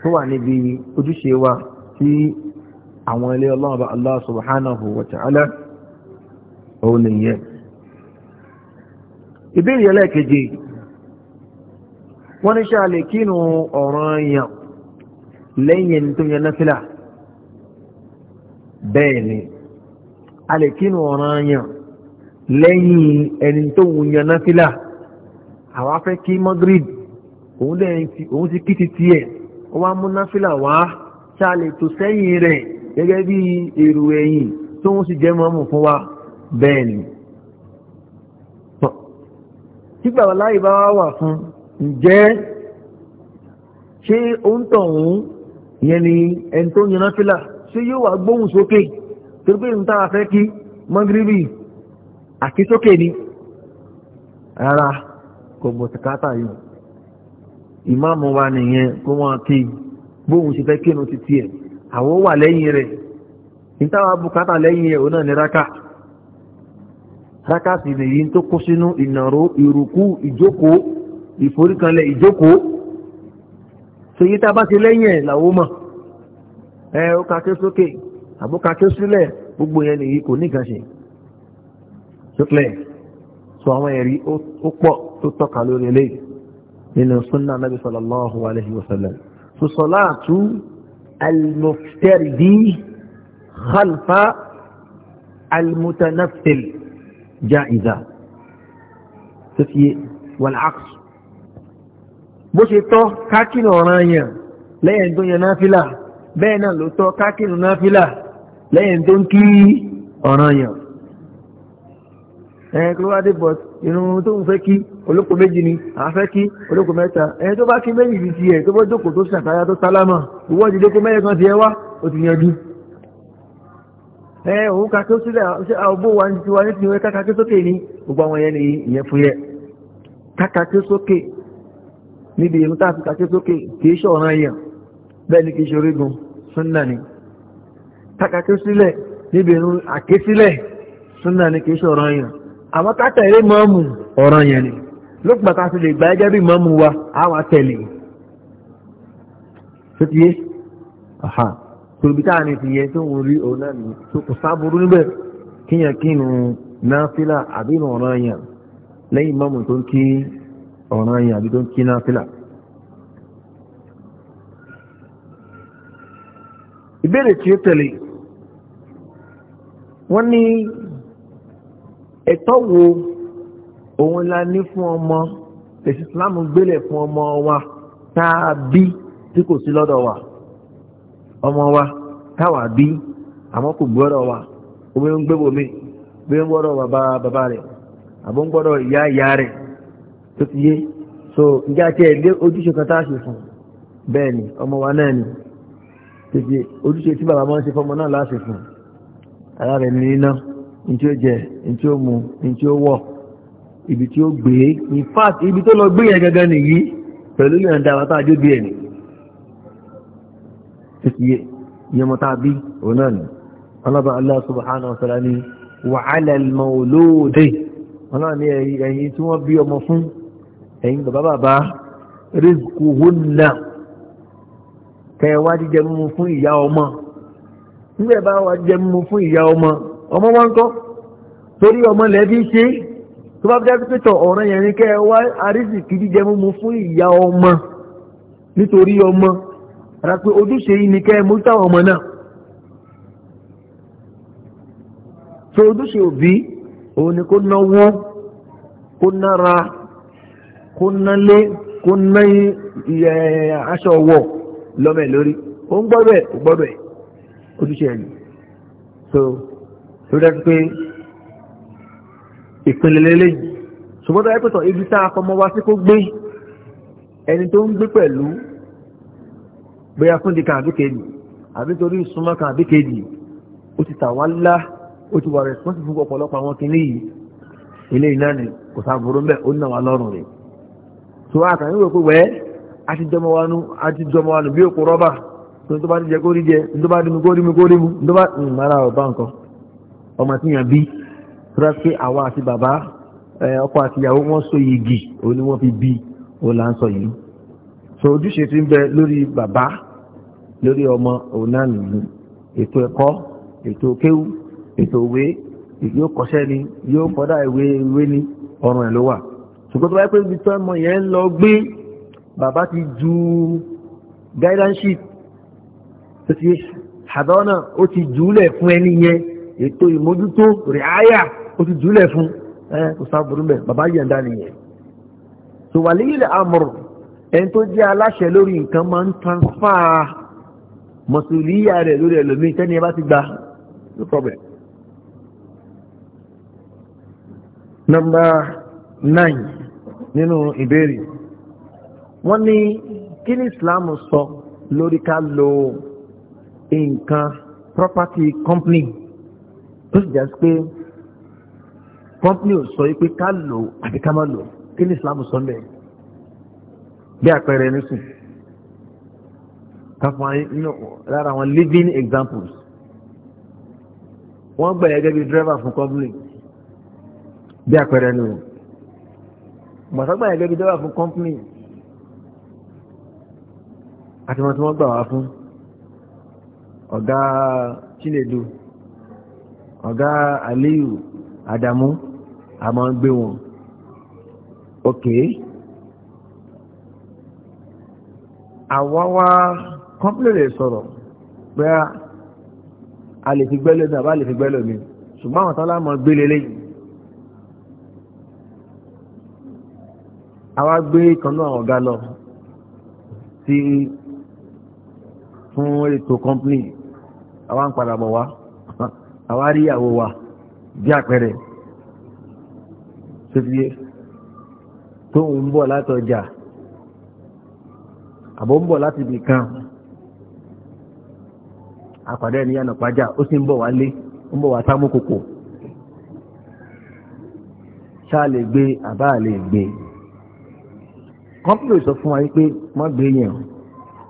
tó wà níbi ojúṣe wa tí àwọn ilé ọlọ́run bá Allah subhanahu wa ta'ala òun nìyẹn ìbéèrè ẹlẹ́ẹ̀keje wọ́n ní ṣe àlè kínú ọ̀ràn yàn lẹ́yìn ẹni tó yẹn náfìlà bẹ́ẹ̀ ni àlè kínú ọ̀ràn yàn lẹ́yìn ẹni tó wù yẹn náfìlà àwọn afẹ́ kí Madrid òun sì kí ti tiẹ̀ ó wá mú náfìlà wá ṣe àlè tó sẹ́yìn rẹ̀ gẹ́gẹ́ bí èrò ẹ̀yìn tó ń sì jẹ́ mọ́mù fún wa bẹ́ẹ̀ ni tígbà láì bá wà fún ǹjẹ́ ṣé òǹtọ̀ òun ìyẹn ni ẹni tó yan náfìlà ṣé yóò wá gbóhùn sókè torí pé nǹkan àfẹ́ kí mọ́gíríbì àkísókè ni rárá kò bọ̀tìkátà yìí ìmáàmù wa nìyẹn kó wọ́n kí bóhùn ṣe fẹ́ kínú títí ẹ̀ àwọn wà lẹ́yìn rẹ̀ nítawà bùkátà lẹ́yìn ẹ̀ òun náà ní rákà rákàtì nìyí tó kó sínú ìnàró ìrùkú ìjókòó ìforíkanlẹ̀ ìjókòó ṣèyí tá a bá ti lẹ́yìn ẹ̀ làwọn mọ̀ ẹ ó kàké sókè àbó kàké sílẹ̀ gbogbo yẹn nìyí kò ní ìkànṣe sókè sọ àwọn ẹ̀rí ó pọ̀ tó tọ́ka lórí eléyìí nínú sunna anabi sallallahu alayhi wa sallam so salatu al-muftaridi al jaiza tó ti yé wal aqs bó ṣe tọ́ kákìnà ọ̀ràn yẹn lẹ́yìn tó yẹn náfìlà bẹ́ẹ̀ náà ló tọ́ kákìnà náfìlà lẹ́yìn tó ń kí ọ̀ràn yẹn ẹ̀ ló wá dé bọ́t irun tó ń fẹ́ kí olóko méjì ni àá fẹ́ kí olóko mẹ́ta ẹ̀ tó bá kí méjì ti tiẹ̀ tó bọ́ jókòó tó ṣàtàyà tó sálámà ìwọ́dìdé kó mẹ́yẹ kan ti ẹ wá ó ti yanjú ẹ òun kàkí ó sílẹ̀ ọgbó wa ní tiwa ní tiwọn kàkàkí sókè ní gbogbo àwọn yẹn ní ìyẹn fún yẹ kàkàkí sókè níbi ìlú tá a fi kàkí sókè kì ṣọ̀ràn yẹn bẹ́ẹ̀ ni kì í ṣorígun súnà ni kàkàkí sílẹ̀ níbi ìlú àkésílẹ̀ súnà ni kì í ṣọ̀ràn yẹn àmọ́ kátẹ̀lé mọ́ọ̀mù ọ̀ràn yẹn ni lópin àti àti lè gba ẹjẹ́ bí mọ́ọ̀mù wa àwọn àtẹ̀lé. Sotiye? tó ibi táà ní ti yẹ tó ń rí òun náà nìyí tó kò sábúrú níbẹ̀ kíyàn kínu náfìlà àbí ìnù ọ̀ràn yàn lẹ́yìn mọ́mù tó ń kí ọ̀ràn yàn àbí tó ń kí náfìlà. ìbéèrè tí ó tẹ̀lé wọ́n ní ẹ̀tọ́ wo òun la ní fún ọmọ ẹ̀sìn gbélé fún ọmọ wa tá a bí tí kò sí lọ́dọ̀ wa. ọmọ wa táwa bí àmọ́ kò gbọ́dọ̀ wa omi ń gbébò mi bí ń gbọ́dọ̀ bàbá rẹ̀ àbó ń gbọ́dọ̀ ìyá ìyá rẹ̀ tó ti yé so ìjà tí ẹ ojúṣe kan tá a fún bẹ́ẹ̀ ni ọmọ wa náà ni tó ojúṣe tí bàbá máa ibi tí ó gbé in fact ibi tó lọ gbé yẹn nìyí pẹ̀lú take yamma ta bi onan alaba Allah subhanahu wa ta'ala ni wa ala al mawludi ona ni ẹ̀yin tí wọ́n bí ọmọ fún ẹ̀yin bàbá bàbá rizquhunna ke wá di jẹ mu fún ìyá ọmọ nbe bá wá jẹ mu fún ìyá ọmọ ọmọ wọn ko torí ọmọ lè ṣe tó bá bi da pé yẹn ni ke wá ariziki di fún ìyá ọmọ nítorí ọmọ rà pé ojúṣe yìí ni kẹ́ ẹ mójútó àwọn ọmọ náà tó ojúṣe òbí òun ni kó náwó kó nára kó nálé kó ná aṣọ ọwọ́ lọ́mọ ẹ̀ lórí ó ń gbọ́dọ̀ ẹ̀ ó gbọ́dọ̀ ẹ̀ ojúṣe ẹ̀ ni so ló dájú pé ìpínlẹ̀ lélẹ́yìn ṣùgbọ́n tó yẹ pé tọ̀ ibi tá a fọmọ wá sí kó gbé ẹni tó ń gbé pẹ̀lú bóyá fún dìkan àbí kejì àbí torí ìsúnmọ́ kan àbí kejì ó ti tà wọ́n lá ó ti wà responsible fún ọ̀pọ̀lọpọ̀ àwọn kìíní yìí ilé iná ni kò sàbùrù mbẹ́ ó nà wà lọ́rùn rẹ̀ tó wá àkànní wò pé wẹ́ á ti jọmọ wa nu á ti jọmọ wa nu bí òkú rọ́bà tó bá ti jẹ kórí jẹ tó bá dimu kórí mu kórí mu tó bá hmm, ń mara ọba nǹkan ọmọ tí yàn bí tó bá pé àwa àti bàbá ọkọ àti ìyàwó wọn so yìgì òun ni wọn fi bí òun là ń sọ yìí so ojúṣe ti ń bẹ lórí bàbá lórí ọmọ òun náà nìyí ètò ẹ̀kọ́ ètò kéwú ètò òwe yóò kọ́ṣẹ́ ni yóò fọ́dá ìwé ìwé ni ọ̀rùn ẹ̀ ló wà ṣùgbọ́n tó wáyé pé ibi tó ọmọ yẹn ń lọ gbé bàbá ti ju guidance tó ti àdánà ó ti jùúlẹ̀ fún ẹni yẹn ètò ìmójútó rìáyà ó ti jùúlẹ̀ fún ẹ kò sáà burú mẹ́ bàbá yẹn dá nìyẹn. tòwálé ilẹ̀ amọ̀rọ̀ ẹni tó jẹ́ aláṣẹ lórí nǹkan máa ń transfer mọ̀sùlùmíyà rẹ̀ lórí ẹlòmíì tẹ́ni ẹ bá ti gba no problem. nọ́mbà nine nínú ìbéèrè wọ́n ní kí ni Islam sọ lórí ká lo nǹkan property company tó sì jásí pé company ò sọ pé ká lò àti ká má lò kí ni Islam sọ mẹ́rin bí àpẹẹrẹ nísìn káfọn lára àwọn living examples wọ́n gbà gẹ́gẹ́ bí driver fún company bí àpẹẹrẹ ni o gbàtọ́gbà gẹ́gẹ́ bí driver fún company àti wọn tí wọ́n gbà wá fún ọ̀gá Chinedu ọ̀gá Aliyu Adamu àmọ́ gbé wọn okay àwọ́wá kọ́mpìlẹ̀ sọ̀rọ̀ pé a lè fi gbẹ́lẹ̀ náà bá lè fi gbẹ́lẹ̀ mi ṣùgbọ́n àwọn tọ́lá mọ́ gbélé lẹ́yìn àwa gbé kanú àwọn ọ̀gá lọ sí fún ètò kọ́mpìlì àwa ń padà bọ̀ wá àwa rí ìyàwó wa bí àpẹẹrẹ tó ń bọ̀ látọjà àbọ̀ ń bọ̀ láti ibì kan àpàdé ẹni yànà pàjá ó sì ń bọ̀ wá lé ń bọ̀ wá sámú kòkò ṣáà lè gbé àbá lè gbé kọ́mpútà sọ fún wa wípé wọ́n gbé yàn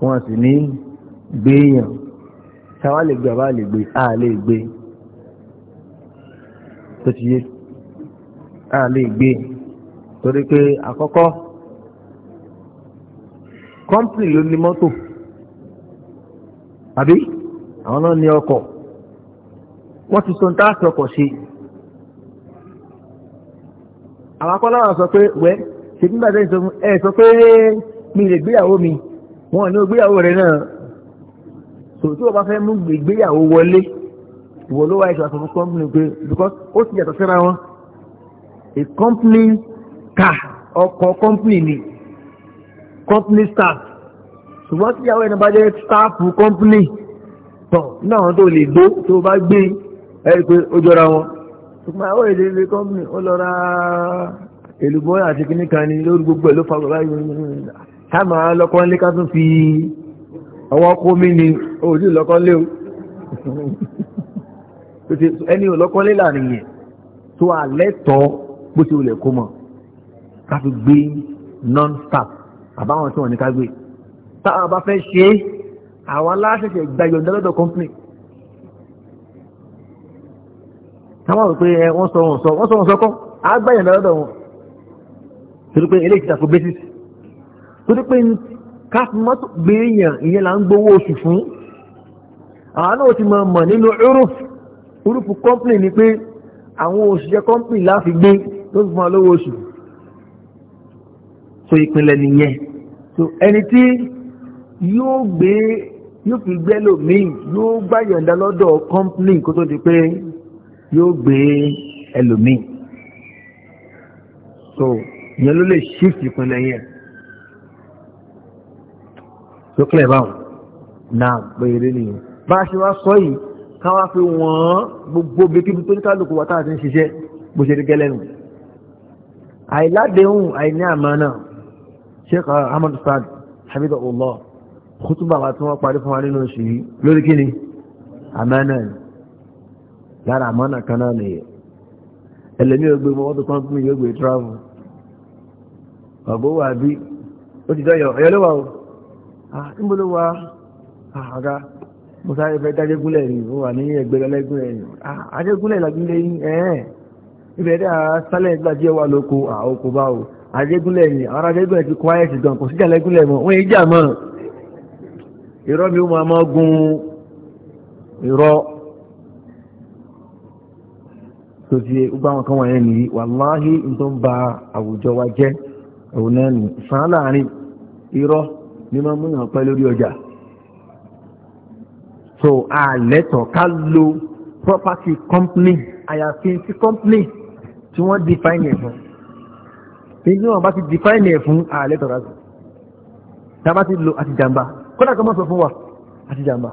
wọ́n sì ní gbé yàn ṣáà lè gbé àbá lè gbé à lè gbé tó ti yé à lè gbé torí pé àkọ́kọ́ kọ́mpìnì ló ní mọ́tò àbí àwọn náà ní ọkọ̀ wọ́n ti sọ táàsì ọkọ̀ ṣe àwọn akọ́láwà sọ pé wẹ́ ṣe nígbà tẹ́ ìsọ fún ẹ sọ pé mi lè gbéyàwó mi wọn ní gbéyàwó rẹ náà sọ tí wọ́n bá fẹ́ mú ìgbéyàwó wọlé ìwọ ló wá ìṣòwò fún kọ́mpìnì pé because ó ti yàtọ̀ síra wọn a company car ọkọ̀ kọ́mpìnì ni company staff ṣùgbọ́n tí ìyàwó ẹni bá jẹ́ staff company tán náà tó lè gbó tó bá gbé ẹ̀rí pé ó jọra wọn ṣùgbọ́n àwọn èdè ilé company ó lọ ra èlùbọ́ àti kíní kan ní lórí gbogbo ẹ̀ ló fa gbọ́dọ̀ yìí táàmà lọ́kọ́ lé ká tún fi ọwọ́ kó mí ni òjú lọ́kọ́ lé o ẹni olọ́kọ́ lé láàrin yẹn tó alẹ́ tọ́ bó ṣe olè kó mọ̀ ká fi gbé non-staff àbáwọn tí wọ́n ní ká gbé táwọn bá fẹ́ ṣe é àwọn aláṣẹ̀ṣẹ̀ gbàyọ̀ ńdẹ́lọ́dọ̀ company táwọn rò pé wọ́n sọ wọn sọ wọ́n sọ wọn sọ kọ́ á gbàyọ̀ ńdẹ́lọ́dọ̀ wọn torí pé eléyìí ti dàpọ̀ basis torí pé ká mọ́tò gbé èèyàn ìyẹn là ń gbowó oṣù fún àwọn náà ti mọ̀ mọ̀ nínú uruf uruf company ni pé àwọn òṣìṣẹ́ company láfi gbé tó fi fún wọn lówó oṣù so ìpínlẹ̀ nìyẹn so ẹni tí yóò gbé yóò fi gbẹ́ lòmíì yóò gbà yọ̀ǹda lọ́dọ̀ company kó tó di pé yóò gbé ẹlòmíì so ìyẹn ló lè shift ìpínlẹ̀ yẹn tó clear báwọn náà péré nìyẹn bá a ṣe wá sọ yìí ká fi wọ́n gbogbo bíkíbi tó ní kálukú wa táà ti ń ṣiṣẹ́ bó ṣe rí gẹ́lẹ́nu àìládéhùn àìní àmánà sheikh ahmad saad habibullah kútùbà wa tí wọ́n parí fún wa nínú oṣù yìí lórí kí ni àmánà lára àmánà kan náà nìyẹn ẹlẹ́ni ògbé mọ́ ọdún kan fún ìyógbé travel ọ̀gbọ́ wà bí ó ti dọ́yọ̀ ọ̀yọ́ ló wà o níbo ló wà ọ̀gá mo sáré fẹ́ dájégúnlẹ̀ ni ó wà ní ẹgbẹ́ lọ́lẹ́gùn ẹ̀ ajégúnlẹ̀ làgbínlẹ̀ yín ẹ̀ẹ́ ibẹ̀ dá sálẹ̀ gbàjẹ́ wà lóko àókò báwo adégúnlẹ̀ ni ara adégúnlẹ̀ ti kọ́ ayẹ́sì gan kò síjà lẹ́gúnlẹ̀ mọ́ wọ́n ìjà mọ́ irọ́ mi ó máa mọ́ gun irọ́ tó ti gbá wọn kan wọ̀nyẹn nìyí wàláhí n tó ń ba àwùjọ wa jẹ́ òun náà nì sàn láàrin irọ́ ní máa mú yàn pẹ́ lórí ọjà so àlẹ́tọ̀ ká lo property company àyàfi ti company tí wọ́n define ẹ̀ fún èyí tí wọ́n bá ti define ẹ̀ fún ààlẹ́ tọ̀rọ̀ àti tá a bá ti lo àti jàmbá kódà kan mọ́ sọ fún wa àti jàmbá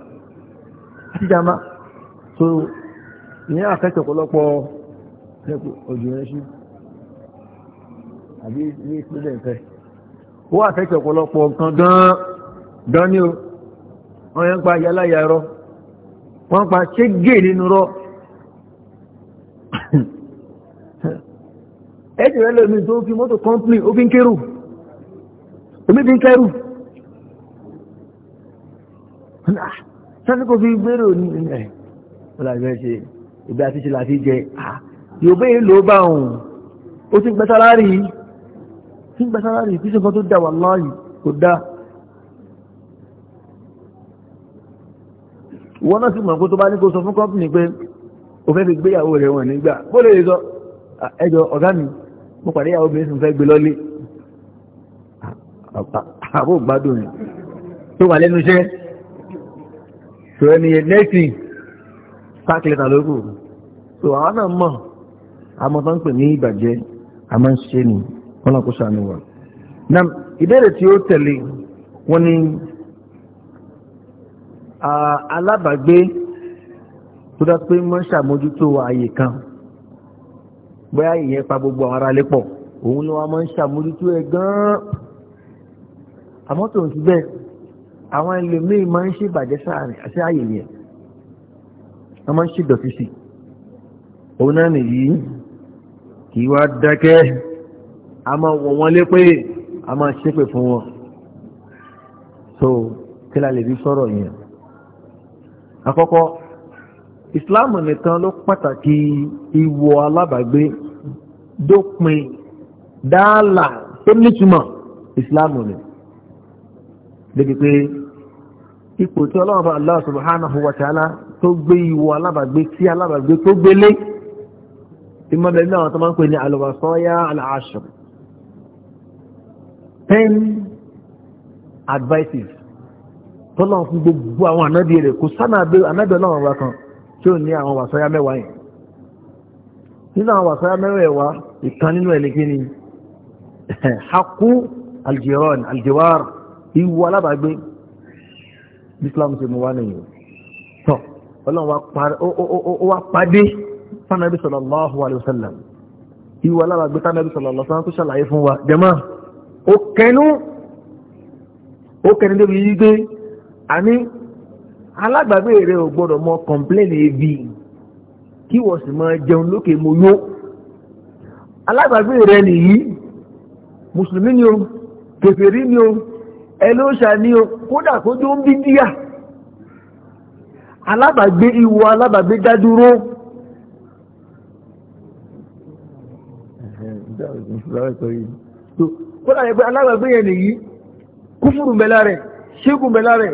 àti jàmbá so ìyẹn àfẹ́tẹ̀ ọ̀pọ̀lọpọ̀ ọjọ́ rẹ̀ sí àbí ní ìpínlẹ̀ ìfẹ́ ó àfẹ́tẹ̀ ọ̀pọ̀lọpọ̀ nǹkan gan-an gan-an ni o wọ́n yẹn ń pa yálà ẹ̀jì rẹ̀ lómi tó fi mọ́tò kọ́ńpìlì ó fi ń kérù omi fi ń kẹrù ah, sani kò fi gbèrò ní ẹ̀ wọ́n làbí ẹ̀ ṣe ìgbé àti ṣe láti jẹ yorùbá yìí ló bá òun ó ti gbẹ sálárì tí ń gbẹ sálárì tí sọ́kọ́ tó dà wà láàyè kò dá wọ́n náà sì mọ̀ kó tó bá ní kó sọ fún kọ́mpìnì pé o fẹ́ fi gbéyàwó rẹ̀ wọ̀n nígbà bó lè sọ ah, ẹjọ́ ọ̀gá mi mo pàdé ìyàwó obìnrin sì ń fẹ́ gbé lọ́lé àbó gbádùn rẹ̀ tó wà lẹ́nu iṣẹ́ tó ẹni nẹ́ẹ̀tì sákìlẹ̀tà lókù tó àwọn náà mọ̀ àmọ́ tó ń pè ní ìbàjẹ́ a máa ń ṣe ni wọ́n náà kó sàánú wa náà ìbéèrè tí ó tẹ̀lé wọ́n ní alábàgbé tó dá pé mọ́ ṣàmójútó ààyè kan bóyá ìyẹn pa gbogbo àwọn aráalé pọ̀ òun ló wá máa ń ṣàmójútó ẹ̀ gan-an àmọ́ tòun ti bẹ́ẹ̀ àwọn ẹlòmíì máa ń ṣe ìbàjẹ́ sáàrin àti ààyè yẹn wọ́n máa ń ṣe ìdọ̀tí sí òun náà nìyí kì í wá dákẹ́ a máa wọ̀ wọ́n lépè a máa ṣépè fún wọn so kí la lè fi sọ̀rọ̀ yẹn àkọ́kọ́ ìsìláàmù nìkan ló pàtàkì ìwọ alábàgbé dópin dáàlà tó nítumọ̀ ìsìláàmù ni débi pé ipò tí ọlọ́run bá Allah subhanahu wa ta'ala tó gbé ìwọ alábàgbé tí alábàgbé tó gbélé ìmọ̀lẹ̀ náà tó máa ń pè ní alùwàsọ́yá aláṣọ̀rọ̀ ten advices tọ́lọ́run fún gbogbo àwọn ànábì rẹ̀ kò sánà ànábì ọlọ́run wa kan tí ó ní àwọn wàsáyá mẹ́wàá yìí nínú àwọn wàsáyá mẹ́wàá ìkan nínú ẹ̀ lẹ́gbẹ́ ni hakú aljiran aljiwar ìwọ alábàágbé islam ṣe mú wá nìyí tọ́ ọlọ́run wá pàdé fánàbí sallallahu alaihi wasallam ìwọ alábàágbé fánàbí sallallahu alaihi wasallam tó ṣàlàyé fún wa jàmá ó kẹnu ó kẹnu débi yí gbé àní alágbàgbé rẹ ò gbọ́dọ̀ mọ kọ̀m̀pléènì ebi kí wọ́n sì máa jẹun lókè mo yó alágbàgbé rẹ nìyí mùsùlùmí ni o kèfèrí ni o ẹlóṣà ni o kódà kó tó ń bí díà alábàgbé ìwọ alábàgbé dádúró kódà yẹ pé alábàgbé yẹn nìyí kúfùrù mẹ́lá rẹ̀ ṣégùn mẹ́lá rẹ̀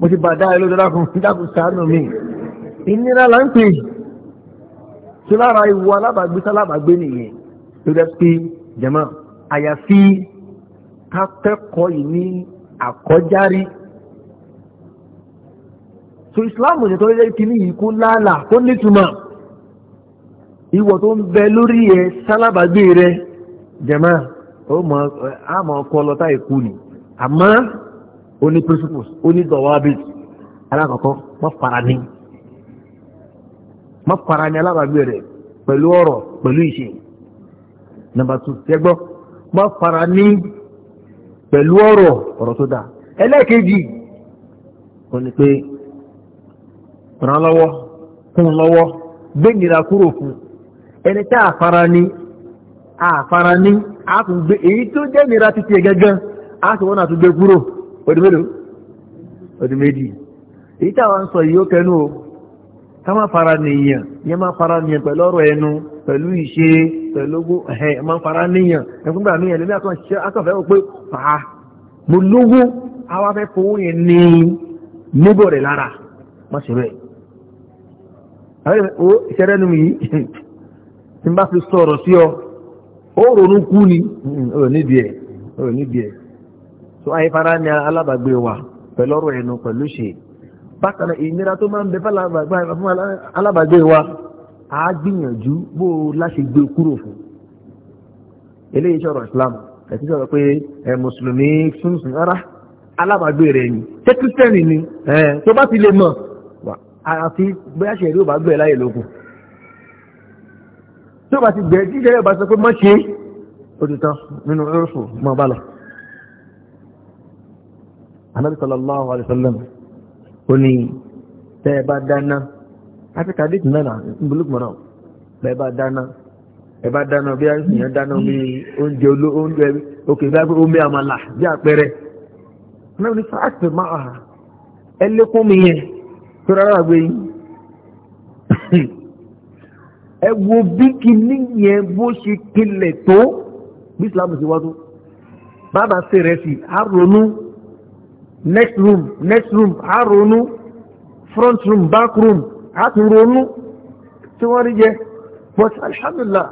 mo ti bàdá ẹ lóde dákun dákun sàánù mi ìnira la ń lára ìwọ alábàgbé sálábàgbé nìyẹn ló dẹ́ pé jẹ̀mọ́ àyàfi ká yìí ní àkọ́járí so islam ní tọ́lé kíní yìí kó lálà kó nítumọ̀ ìwọ tó ń bẹ lórí ẹ sálábàgbé rẹ jẹ̀mọ́ ó mọ̀ á lọ́tà ìkú ni àmọ́. ó ní principles ó ní dọ̀wábìt alákọ̀ọ́kọ́ má fara ní má fara rẹ̀ pẹ̀lú ọ̀rọ̀ pẹ̀lú ìṣe nàmbà tù tẹ́gbọ́ má fara pẹ̀lú ọ̀rọ̀ ọ̀rọ̀ tó dáa ẹlẹ́ẹ̀kejì ó ní pé ràn lọ́wọ́ kún lọ́wọ́ gbé nira kúrò fún ẹni tá àfara ní a tún gbé èyí tó jẹ́ nira títí a sì wọ́n náà tún gbé ọdún mélòó ọdún méjì èyí táwọn sọ yìí ó o ká má fara nìyàn yẹn má fara nìyàn pẹ̀lú ọ̀rọ̀ ẹnu pẹ̀lú ìṣe pẹ̀lú ogún ẹ̀hẹ́ má fara nìyàn ẹkún gbà níyàn lórí àkànṣe akọ̀fẹ́ ó pé fàá mo lówó àwa fẹ́ fowó yẹn ní níbò rẹ̀ lára má o ìṣẹ́rẹ́ ẹ̀ so àyífara ni alábàgbé wa pẹ̀lú ọ̀rọ̀ ẹnu pẹ̀lú ṣe bákan ìnira tó máa ń bẹ fún alábàgbé wa a gbìyànjú bó o láṣẹ gbé kúrò fún eléyìí sọ̀rọ̀ Islam ẹ̀sì sọ̀rọ̀ pé ẹ̀ mùsùlùmí sunsun rárá alábàgbé rẹ̀ ni ṣé kírísítẹ́nì ni tó bá ti lè mọ̀ àfi bóyá ṣẹ̀rí ò bá gbẹ̀ láyè lókun tó bá ti gbẹ̀ jíjẹ́rẹ́ bá sọ pé mọ́ ṣe ó ti tán nínú ẹ̀rọ̀fù mọ́ bá lọ anábì sallallahu alayhi wa sallam ó ní tẹ́ ẹ bá dáná àti kàdíìtì náà nbùlùkùmọ̀ náà bẹ́ẹ̀ bá dáná ẹ bá dáná bí èèyàn dáná bí oúnjẹ oúnjẹ òkè bí wọ́n omi àmàlà bí àpẹẹrẹ náà ní fàáṣì máa ẹ lékún mi yẹn tó rárá gbé yín ẹ wo bí kìíní yẹn bó ṣe kílẹ̀ tó bí Islam ṣe wá tó bàbá ṣe rẹ̀ sí àrònú next room next room a ronú front room back room a tún ronú tí wọ́n rí jẹ but alhamdulillah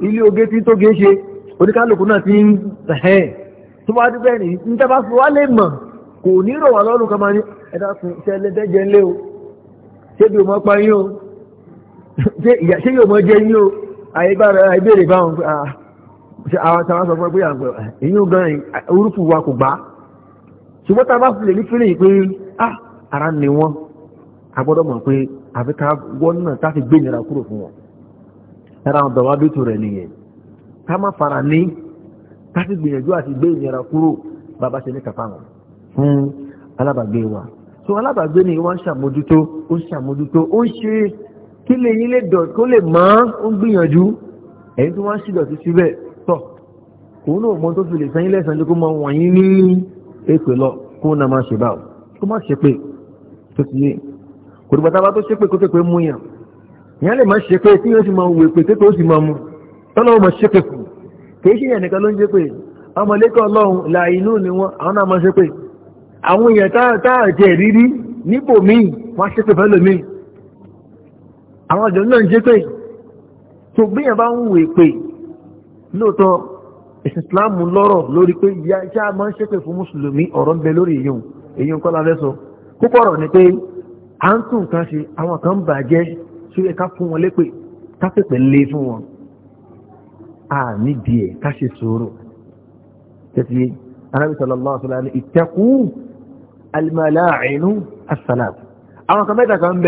ilé oge tí tó gé ṣe oníkálùkù náà ti ń ẹ̀hẹ́n tó bá dúpẹ́ ní ìjọba fún wa lè mọ̀ kò ní rọ̀ wá lọ́rùn kan máa ní ẹ̀dá fún iṣẹ́ ẹlẹ́dẹ́jẹ́ o ṣé ṣe àwọn tàwọn sọ fún ẹgbẹ́ àgbẹ̀ èyí ó gan orúkú wa kò gbá bá fi lè ní fílẹ̀ pé ah ara ni wọ́n a gbọ́dọ̀ mọ̀ pé àfi ká wọ́n náà tá a fi gbé ìnira kúrò fún wọn lára àwọn dọ̀wá bí tó rẹ̀ nìyẹn ká má fara ní ká sì gbìyànjú àti gbé ìnira kúrò bàbá ṣe ní kàfà wọn fún alábàgbé wa so alábàgbé ni wọ́n ṣàmójútó ó ṣàmójútó ó ń ṣe kí lè yín lè dọ̀ kó lè mọ́ ó ń gbìyànjú ẹ̀yin tí wọ́n ń ṣìdọ̀tí síbẹ̀ òun náà mọ́ tó fi lè sẹ́yìn lẹ́sàn ló kó mọ wọ̀nyí ní èpè lọ kó náà máa ṣe báwò kó má ṣe pé tó ti yé kò dìgbà tábà tó ṣe pé kó tẹ́pẹ́ mú yàn ìyẹn lè má ṣe pé tí yóò sì máa wèpè tẹ́pẹ́ ó sì máa mú tọ́lọ́ ó ṣe pé fún kìí ṣe yẹn nìkan ló ń ṣe pé ọmọlẹ́kọ̀ ọlọ́run là inú ni wọ́n àwọn náà máa ṣe pé àwọn èèyàn táà jẹ́ rírí nípò míì wọ́n ṣe pé fẹ́ lómi àwọn àjọ náà ń ṣe pé tó gbìyànjú bá ń wèpè lóòótọ́ ẹ̀sìn islam lọ́rọ̀ lórí pé ìyá iṣẹ́ a máa ń ṣépè fún mùsùlùmí ọ̀rọ̀ ń bẹ lórí èyàn èyàn kọ́ la fẹ́ sọ kókó ọ̀rọ̀ ni pé à ń tún nǹkan ṣe àwọn kan bàjẹ́ ṣé ẹ ká fún wọn lépè ká pèpè lé fún wọn a nídìí ẹ̀ ká ṣe sòrò tẹ́tí anábì sallallahu alaihi wasallam ittaqu al-mala'inu àwọn kan mẹ́ta kan ń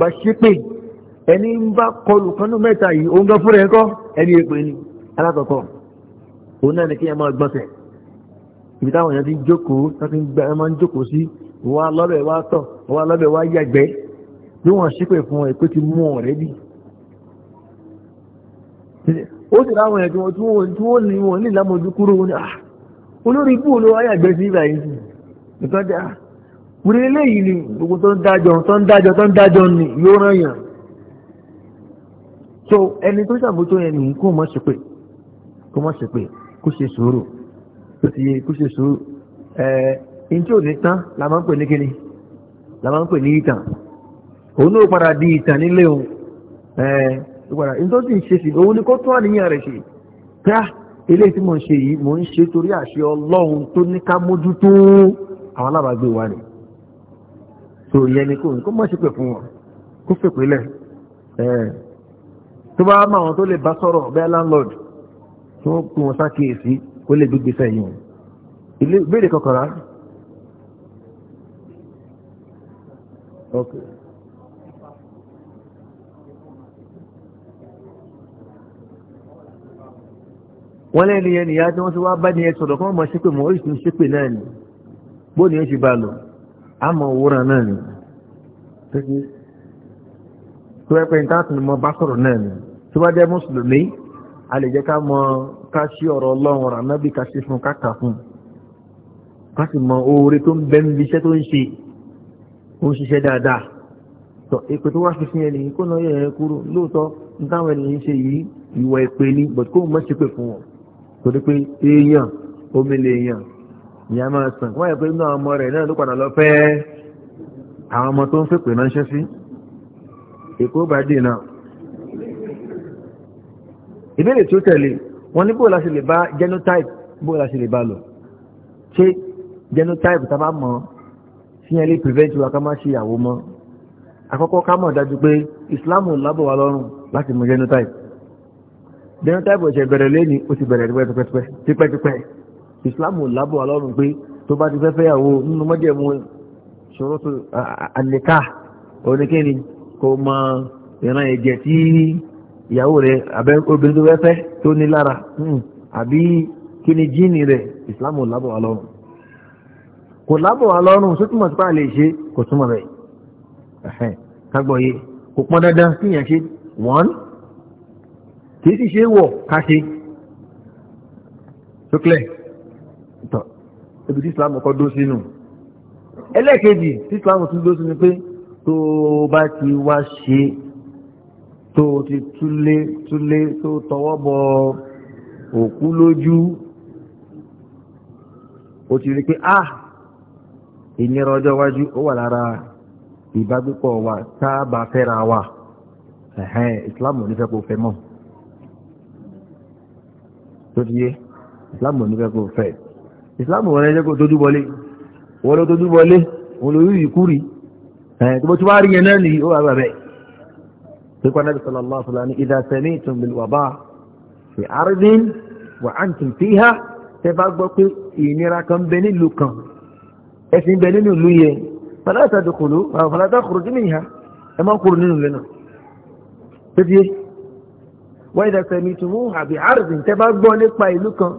bẹ ẹni ń bá kọlù kanú mẹ́ta yìí òun gan fúnra ẹ̀ ẹni èpè ni alákọ̀ọ́kọ́ kí ẹ máa gbọ́sẹ̀ ibi táwọn èèyàn ti ń jókòó láti gbẹ ẹ máa ń jókòó sí wà lọ́bẹ̀ wá tọ̀ wà lọ́bẹ̀ wá yàgbẹ́ bí wọ́n fún ẹ pé ti mú bí ó sì láwọn èèyàn tí wọ́n tí wọ́n ní ní ìlàmọ̀jú kúrò ah olórí ah, ni gbogbo tó ń tó ń tó ń so ẹni tó ṣàbójútó yẹn nìyí kó mọ̀ ṣe pé kó mọ̀ ṣe pé kó ṣe sùúrù tó ti yẹ kó ṣe sùúrù ẹ in tí ò ní tán la máa ń pè ní kíni la máa ń pè ní ìtàn òun náà padà di ìtàn nílé òun ẹ ìpadà in tó sì ṣe sí òun ni kó tún àníyàn rẹ̀ ṣe tá ah, eléyìí tí mò ń ṣe yìí mò ń ṣe torí àṣẹ ọlọ́run tó ní ká mójútó àwọn alábàágbé wa ni so ìyẹn ni kó mọ̀ ṣe pè fún wọn kó fèpè lẹ̀ ẹ̀ tó bá máa wọn tó lè bá sọ̀rọ̀ bẹ́ẹ̀ landlord tí wọ́n pè wọ́n sákèésí kó lè gbégbé sẹ́yìn wọn ilé ìbéèrè kọkànlá. Okay. wọ́n lẹ́ni ẹni ya tí wọ́n ti wá bá ní ẹ̀sọ̀dọ̀ kan mọ̀ ṣépè mọ̀ oríṣìí ṣépè náà ni bó ni ó ṣe bá lọ àmọ́ òwúrọ̀ náà ni tó pẹ́ pẹ́ ní táàtì ni mo bá sọ̀rọ̀ náà ni tó bá jẹ́ mùsùlùmí a lè jẹ́ ká mọ ká sí ọ̀rọ̀ ọlọ́run rà nábì ká sí fún káka fún ká sì mọ oore tó ń bẹ níbi iṣẹ́ tó ń ṣe ó ń ṣiṣẹ́ dáadáa tó èpè tó wá fi fún ẹnìyàn kó náà yẹ̀yẹ́ kúrò lóòótọ́ ní táwọn ènìyàn ṣe yìí ìwà èpè ni bọ̀t kó mọ̀ sí pé fún wọn torí pé èèyàn omi lè yàn ìyá máa sàn wọ́n yẹ pé inú àwọn ọmọ rẹ̀ náà ló padà lọ fẹ́ àwọn ọmọ tó ń fèpè ránṣẹ́ sí èkó bá dè náà ìbéèrè tí ó tẹ̀lé wọn ní bóòlá sì lè bá genotype bóòlá sì lè bá lò ṣé genotype tá bá mọ̀ síyẹn lè prevent wa ká má ṣe ìyàwó mọ́ àkọ́kọ́ ká mọ̀ dájú pé ìsìláàmù lábọ̀ wa lọ́rùn láti mọ̀ genotype genotype ọ̀sẹ̀ bẹ̀rẹ̀ lẹ́ni ó ti bẹ̀rẹ̀ tipẹ́tipẹ́ ìsìláàmù lábọ̀ wa lọ́rùn pé tó bá ti fẹ́ fẹ́ yàwó nínú mọ́jẹ̀mú ṣòro tó àníká oníkẹ́ni kò mọ ìran ẹ̀jẹ̀ tí ìyàwó rẹ̀ abẹ́ obìnrin tó fẹ́fẹ́ tó ní lára hmm, àbí kí ni jíìnì rẹ̀ ìsìlámù lábọ̀ wà lọ́rùn kò lábọ̀ wà lọ́rùn tó túmọ̀ sípà lè ṣe kò túmọ̀ rẹ̀ kágbọ̀yé kò pọn dandan kíyàn ṣe wọ́n kì í sì ṣe wọ̀ ká ṣe sókè tọ̀ ibi tí islam kọ́ dó sínú ẹlẹ́ẹ̀kejì tí islam tún dó sínú pé tó bá ti wá ṣe tó ti túlé túlé tó tọwọ́ bọ òkú lójú ó ti rí pé ah ìnira ọjọ́ iwájú ó wà lára ìbágbépọ̀ wa tá a bá fẹ́ra wa ẹ̀hẹ́n ìsìláàmù onífẹ́ kò fẹ́ mọ́ tó ti yé ìsìláàmù onífẹ́ kò fẹ́ ìsìláàmù wọn ẹjẹ́ kò tójú bọlé wọ́n ló tójú bọlé wọ́n ló rí ìkúrì ẹ̀ tó bó ti wá rí yẹn náà nìyí ó wà bàbẹ́ pípa nàbì sallallahu alaihi wasallam idha sami'tum bil waba' fi ardin wa antum fiha tẹ́ bá gbọ́ pé ìnira kan bẹ nílùú kan ẹ̀sìn bẹ nínú ìlú yẹn fala tadkhulu fala takhruju minha ẹ má kúrò nínú ìlú náà tẹ́tí yé wa idha sami'tumuha bi ardin tẹ́ bá gbọ́ nípa ìlú kan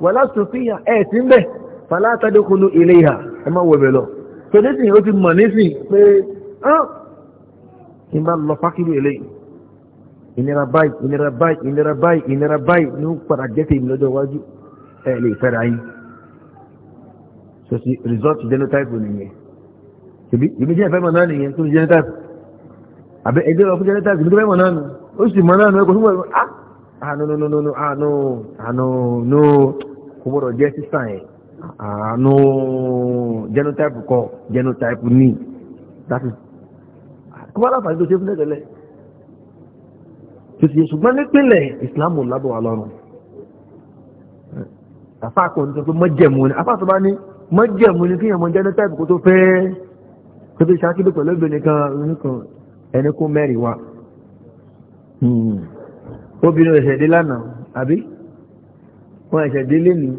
wa lastum fiha ẹ̀sìn bẹ̀ fala tadkhulu ilayha ẹ má wọ̀ bẹ̀ lọ tòdésìn ó ti mọ̀ nísìn pé kí n bá lọ pákìlú eléyìí ìnira báyìí ìnira báyìí ìnira báyìí ìnira báyìí ní ó padà jẹ́ tèmi lọ́jọ́ iwájú ẹ lè fẹ́ra yín so result genotype nìyẹn ṣèbí ìbí jẹ́ ìfẹ́ mọ̀ náà nìyẹn tó ní genotype àbẹ ẹgbẹ́ lọ fún genotype ìbí tó fẹ́ mọ̀ náà nù ó sì mọ̀ náà nù ẹkọ fún mọ̀ ah ah no no no no ah no ah no no kò gbọdọ̀ jẹ́ sísà yẹn ah no genotype kọ́ genotype ni that is kó bá láǹfààní tó ṣe fún ẹ̀tẹ̀lẹ̀ tòṣì ṣùgbọ́n nípìnlẹ̀ ìsìláàmù lábọ̀ wà lọ́rùn àfa kò ní ni àfa tó bá ní mọ́jẹ̀mú ni kí ẹ̀mọ́ jẹ́nẹ́ táìpù ẹni kó mẹ́rin wa hmm. obìnrin ẹ̀ṣẹ̀ dé lánàá àbí wọ́n ẹ̀ṣẹ̀ dé lénìí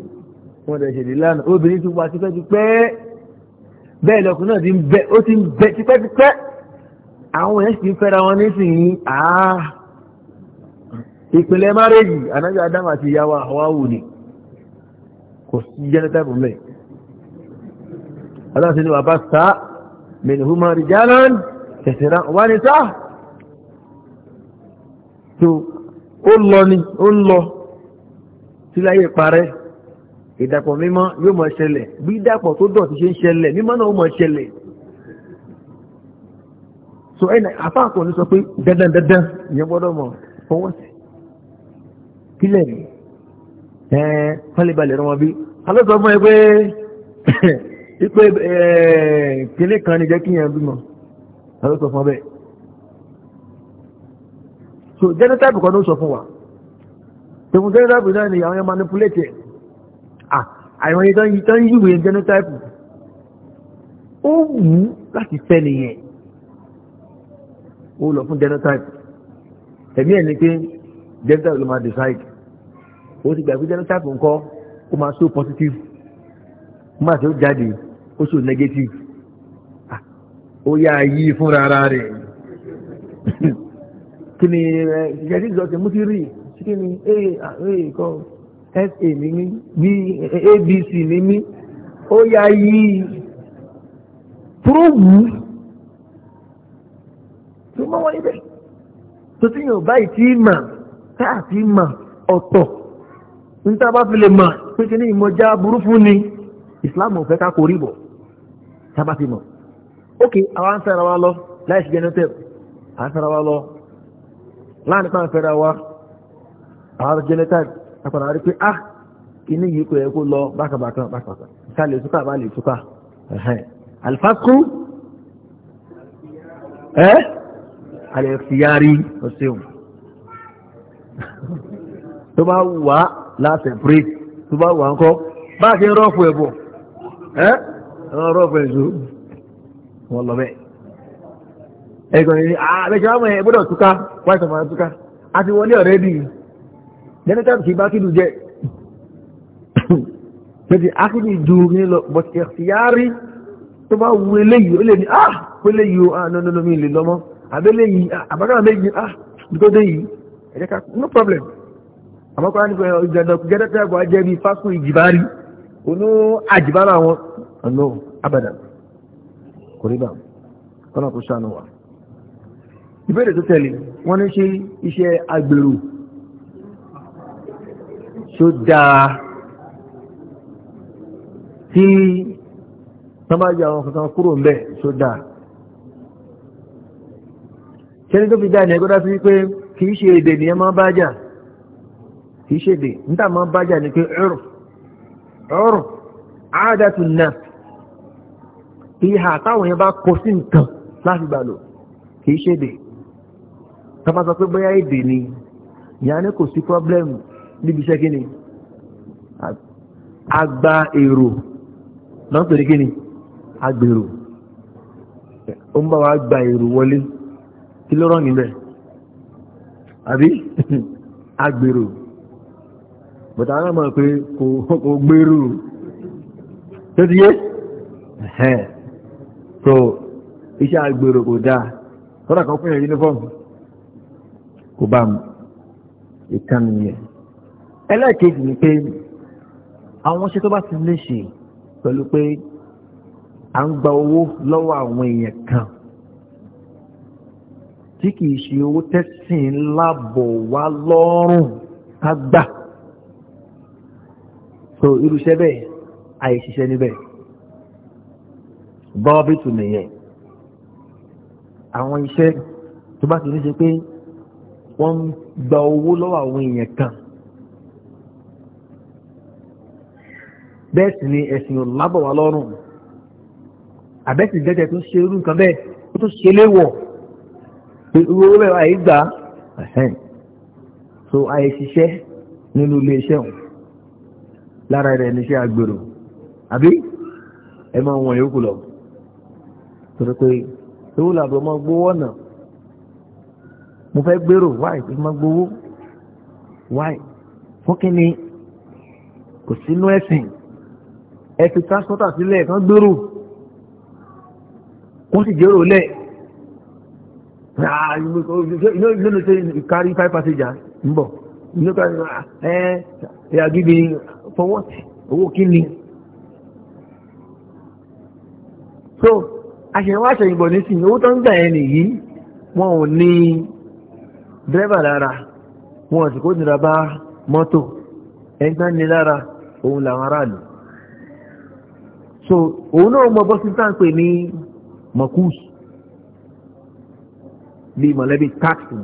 wọ́n ẹ̀ṣẹ̀ dé lánàá obìnrin ti wá tipẹ́tipẹ́ bẹ́ẹ̀ lọkùnrin náà ó ti ń bẹ tipẹ́tipẹ́ àwọn èèyàn sì fẹ́ra wọn nísìnyí àá ah, ìpìlẹ̀ márèjì anájọ́ adáma àti ìyàwó àwáwò ni kò sí jẹ́nẹ́tàbù mẹ́ aláṣẹ ni bàbá sá mẹ́nìhúmá rí jálán tẹ̀sẹ̀rá wà ní sá tó ó lọ ni ó lọ síláyé parẹ́ ìdàpọ̀ mímọ́ yóò máa ṣẹlẹ̀ bí ìdàpọ̀ tó dọ̀ ti ṣe ń ṣẹlẹ̀ mímọ́ náà ó máa ṣẹlẹ̀ so ẹnì àfáàkọ̀ ní sọ pé dandan dandan ìyẹn gbọ́dọ̀ mọ̀ fọwọ́ sí kílẹ̀ ní ẹ̀ẹ́n pálíbalẹ̀ rán wọn bí alóòtú ọmọ ẹ pé ipe kíní kan ní jẹ́ kí yẹn bímọ alóòtú ọmọ bẹ́ẹ̀ so genotype kan ló sọ fún wa tòun genotype náà ni àwọn yẹn manipulate ẹ̀ ah àwọn yẹn tán yíwèé genotype ó wù ú láti fẹ́ nìyẹn ó lọ fún genotype ẹ̀mí ẹ̀ ni pé genotype ló máa decide ó ti gbà pé genotype ńkọ́ ó máa show positive máa ṣe ó jáde ó show negative ah, ó yá yí fúnra ara rẹ̀ kí ni ìṣẹ́jú ìjọ ti mú sí rí kí ni a ah, a kọ sa ni mí b C ni mí ó yá yí púrúwù ló mọ́ wọn níbẹ̀ tó tí yóò báyìí tí mà táà tí mà ọ̀tọ̀ níta bá fi lè mà pé kí ní ìmọ̀já burú fún ni ìsìláàmù fẹ́ ká kórì bọ̀ sábà ti mọ̀ ok àwa ń fẹ́ra wa lọ láì sí jẹ́nu tẹ́pù à ń fẹ́ra wa lọ láàrin pa ń fẹ́ra wa àwọn jẹ́nu tẹ́pù àpàdà rí pé ah kìíní yìí kò yẹ kó lọ bákàbàkà bákàbàkà ká lè túká bá lè túká alifásitì alẹ́fìyárí ọ̀sẹ̀hùn tó bá wà láti pray tó bá wà ń kọ́ bá ṣe rọ́ọ̀fù ẹ̀bọ̀ ẹ́ rọ́ọ̀fù ẹ̀zọ́ wọ́n lọ bẹ́ẹ̀ ẹ̀gbọ́n ni àbẹ̀ṣẹ̀ ah, àwọn ẹ̀ gbọ́dọ̀ túká wáìsì ọmọ túká àti wọlé ọ̀rẹ́ bì í jẹ́nẹ́tàbí kì í bá kílù jẹ́ pẹ̀lú akílù ju ní lọ bọ̀tẹ̀fìyárí tó bá wù eléyìí ó lè ní ah pé ó ah nọ́nọ́nọ́ mi lè lọ́mọ́ abẹ́lẹ̀ yìí ah, àbákàrà méjì ah tó dé yìí ẹ̀jẹ̀ ká no problem àmọ́kọ́ra ní gẹ́gẹ́dẹ́gbẹ́ àgbà jẹ́ bí fásitì ìjìbárí onú àjìbára àwọn ọ̀nà ah, abẹ́dà kò rí bá kọ́nà kò sànù wà ìbéèrè tó tẹ̀lé wọ́n ní ṣe iṣẹ́ agbèrò tó dáa tí wọ́n bá yà wọn kankan kúrò ń bẹ̀ tó dáa kẹ́ni tó fi dá ìnẹ̀gọ́ dá sí wípé kìí ṣe èdè ní ẹmọ bájà kìí ṣe èdè níta bájà ní pé ọrùn ọrùn àádàtù náà ìhà táwọn yẹn bá sí nǹkan láti gbà lò kìí ṣe èdè tọ́pá sọ pé bóyá èdè ni ìyá ní kò sí pọ́blẹ́mù níbi iṣẹ́ kí ni agba èrò lọ́pẹ̀rẹ̀ kí ni agbèrò ó ń bá wa gba èrò kí ló rán níbẹ̀ àbí agbèrò bọ̀tà àwọn ọmọ pé kò gbèrò tó ti yé ẹ̀hẹ́n so iṣẹ́ agbèrò kò dáa kọ́dà kan fún ìrìn uniform kò bá mu ìkànnì yẹn ẹlẹ́ẹ̀kejì ni pé àwọn iṣẹ́ tó bá ti léṣe pẹ̀lú pé à ń gba owó lọ́wọ́ àwọn èèyàn kan tí kìí ṣe owó tẹ́sìn lábọ̀ wá lọ́rùn ká so irúṣẹ́ bẹ́ẹ̀ àìṣiṣẹ́ níbẹ̀ bọ́ọ̀bìtù nìyẹn àwọn iṣẹ́ tó bá ti ní ṣe pé wọ́n ń gba owó lọ́wọ́ àwọn èèyàn kan bẹ́ẹ̀ sì ni ẹ̀sìn ò lábọ̀ wá lọ́rùn àbẹ́sì jẹ́jẹ́ tó ṣe irú nǹkan bẹ́ẹ̀ tó ṣe léwọ̀ owó bẹ́ẹ̀ àyè gbà ẹ̀hẹ́n so àyè nínú ilé iṣẹ́ òun lára rẹ̀ níṣẹ́ agbèrò àbí ẹ máa wọ̀n yókù lọ torí pé owó làbọ̀ máa gbówó ọ̀nà mo fẹ́ gbèrò wáì fi máa gbówó wáì fún ni kò sínú ẹ̀sìn ẹ fi transporter sílẹ̀ kan gbèrò wọ́n sì jẹ́rò lẹ́ẹ̀ iná ìlú ṣe ìkárí five passenger ń bọ̀ inú ká ẹ ẹ àgbègbè for what owó kí ni. so àṣẹwọ́ àṣẹyìnbọ̀ nísìnyí owó tó ń gbà ẹ nìyí wọn ò ní dírẹ́bà lára wọn ò sì kó nira bá mọ́tò ẹni tán ní lára òun làwọn aráàlú so òun náà mọ bọ́sí tá à ń pè ní mọ̀kúùsù bíi mọ̀lẹ́bí táàkì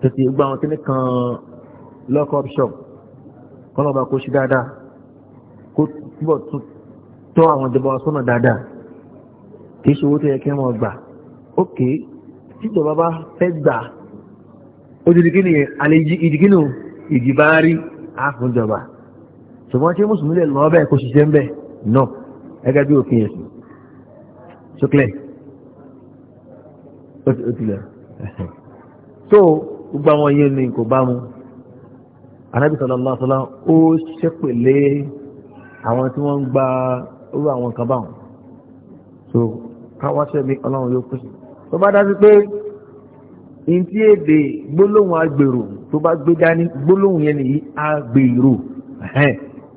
tètè gba àwọn kíní kan lock up shop kọ́nọ̀bà kó ṣe dáadáa kó túbọ̀ tọ́ àwọn ìjọba sọ́nà dáadáa kì í ṣe owó tó yẹ kí wọ́n gbà ókè tíjọba bá fẹ́ gbà ó di kí ni àlejò ìdíkínú ìdìbá rí àfúnjọba ṣùgbọ́n tí mùsùlùmí lè lọ bẹ́ẹ̀ kó ṣiṣẹ́ ń bẹ́ẹ̀ náà gẹ́gẹ́ bí òfin ẹ̀sìn ṣókèlè ó ti lẹ̀ so gbogbo àwọn yẹn ni kò bá mu anábì sallallahu alaihi wasallam ó ṣépèlé àwọn tí wọ́n ń gba orú àwọn kan báwọn so káwáṣẹ́ mi ọlọ́run yóò pèsè tó bá dá sí pé in tí èdè gbólóhùn agbèrò tó bá gbé dání gbólóhùn yẹn nìyí agbèrò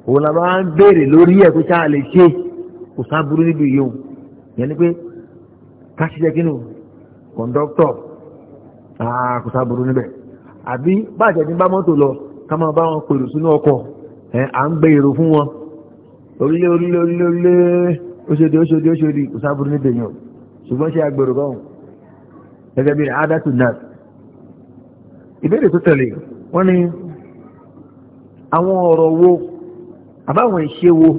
òun la bá ń béèrè lórí ẹ̀ tó ṣáà lè ṣe kò sáà níbi yìí o yẹn ni pé ká ṣiṣẹ́ kí ni o kọ̀ǹdọ́tọ̀ àkùsàbùrù níbẹ̀ àbí bàjẹ́ ní bá mọ́tò lọ ká máa bá wọn pèrò sínú ọkọ̀ à ń gbé èrò fún wọn orílẹ̀ orílẹ̀ orílẹ̀ orílẹ̀ oṣòdì oṣòdì oṣòdì kùsàbùrù níbẹ̀ yàn ṣùgbọ́n ṣe agbèrò kan gẹ́gẹ́ bí adatu nas ìbéèrè tó tẹ̀lé wọ́n ní àwọn ọ̀rọ̀ wo àbáwọn ìṣe wo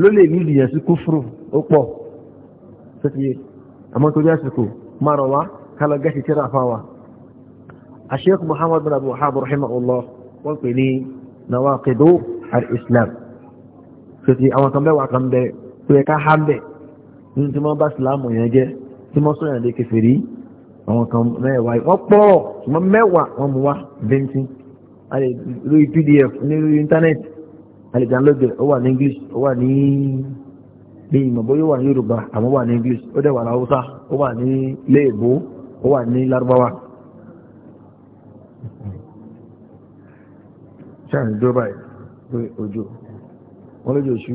ló lè ní ìdìyàn sí kúfùrù ó pọ̀ àmọ́ torí àsìkò marawa kala gashi tira fawa a sheikh muhammad bin abu wahab rahimahullah wọ́n pè ní nawaqidu al-islam so ti àwọn kan bẹ́ wà kan bẹ́ tó yẹ ká há bẹ́ ní tí wọ́n bá sílámù yẹn jẹ́ tí wọ́n sọ yàn lè kèfèrí àwọn kan mẹ́wàá wọ́n pọ̀ ṣùgbọ́n mẹ́wàá wọ́n mú wá bẹ́ntín a lè lórí pdf ní lórí íńtánẹ́ẹ̀tì a lè download ó wà ní english ó wà ní bí ìmọ̀ bóyá wà ní yorùbá àmọ́ wà ní english ó dẹ̀ wà ní haúsá ó wà ní léèbó ó wà ní lárúbáwá ṣáàrin dúró báyìí pé òjò wọ́n lójú oṣù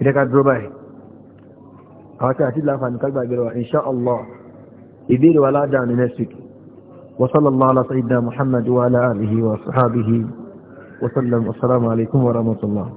ìdẹ́ka dúró báyìí àwọn tí a ti láǹfààní wa insha ìbéèrè wa ládàá ní next week وصلى الله على سيدنا محمد وعلى آله وصحابه وسلم والسلام عليكم ورحمة الله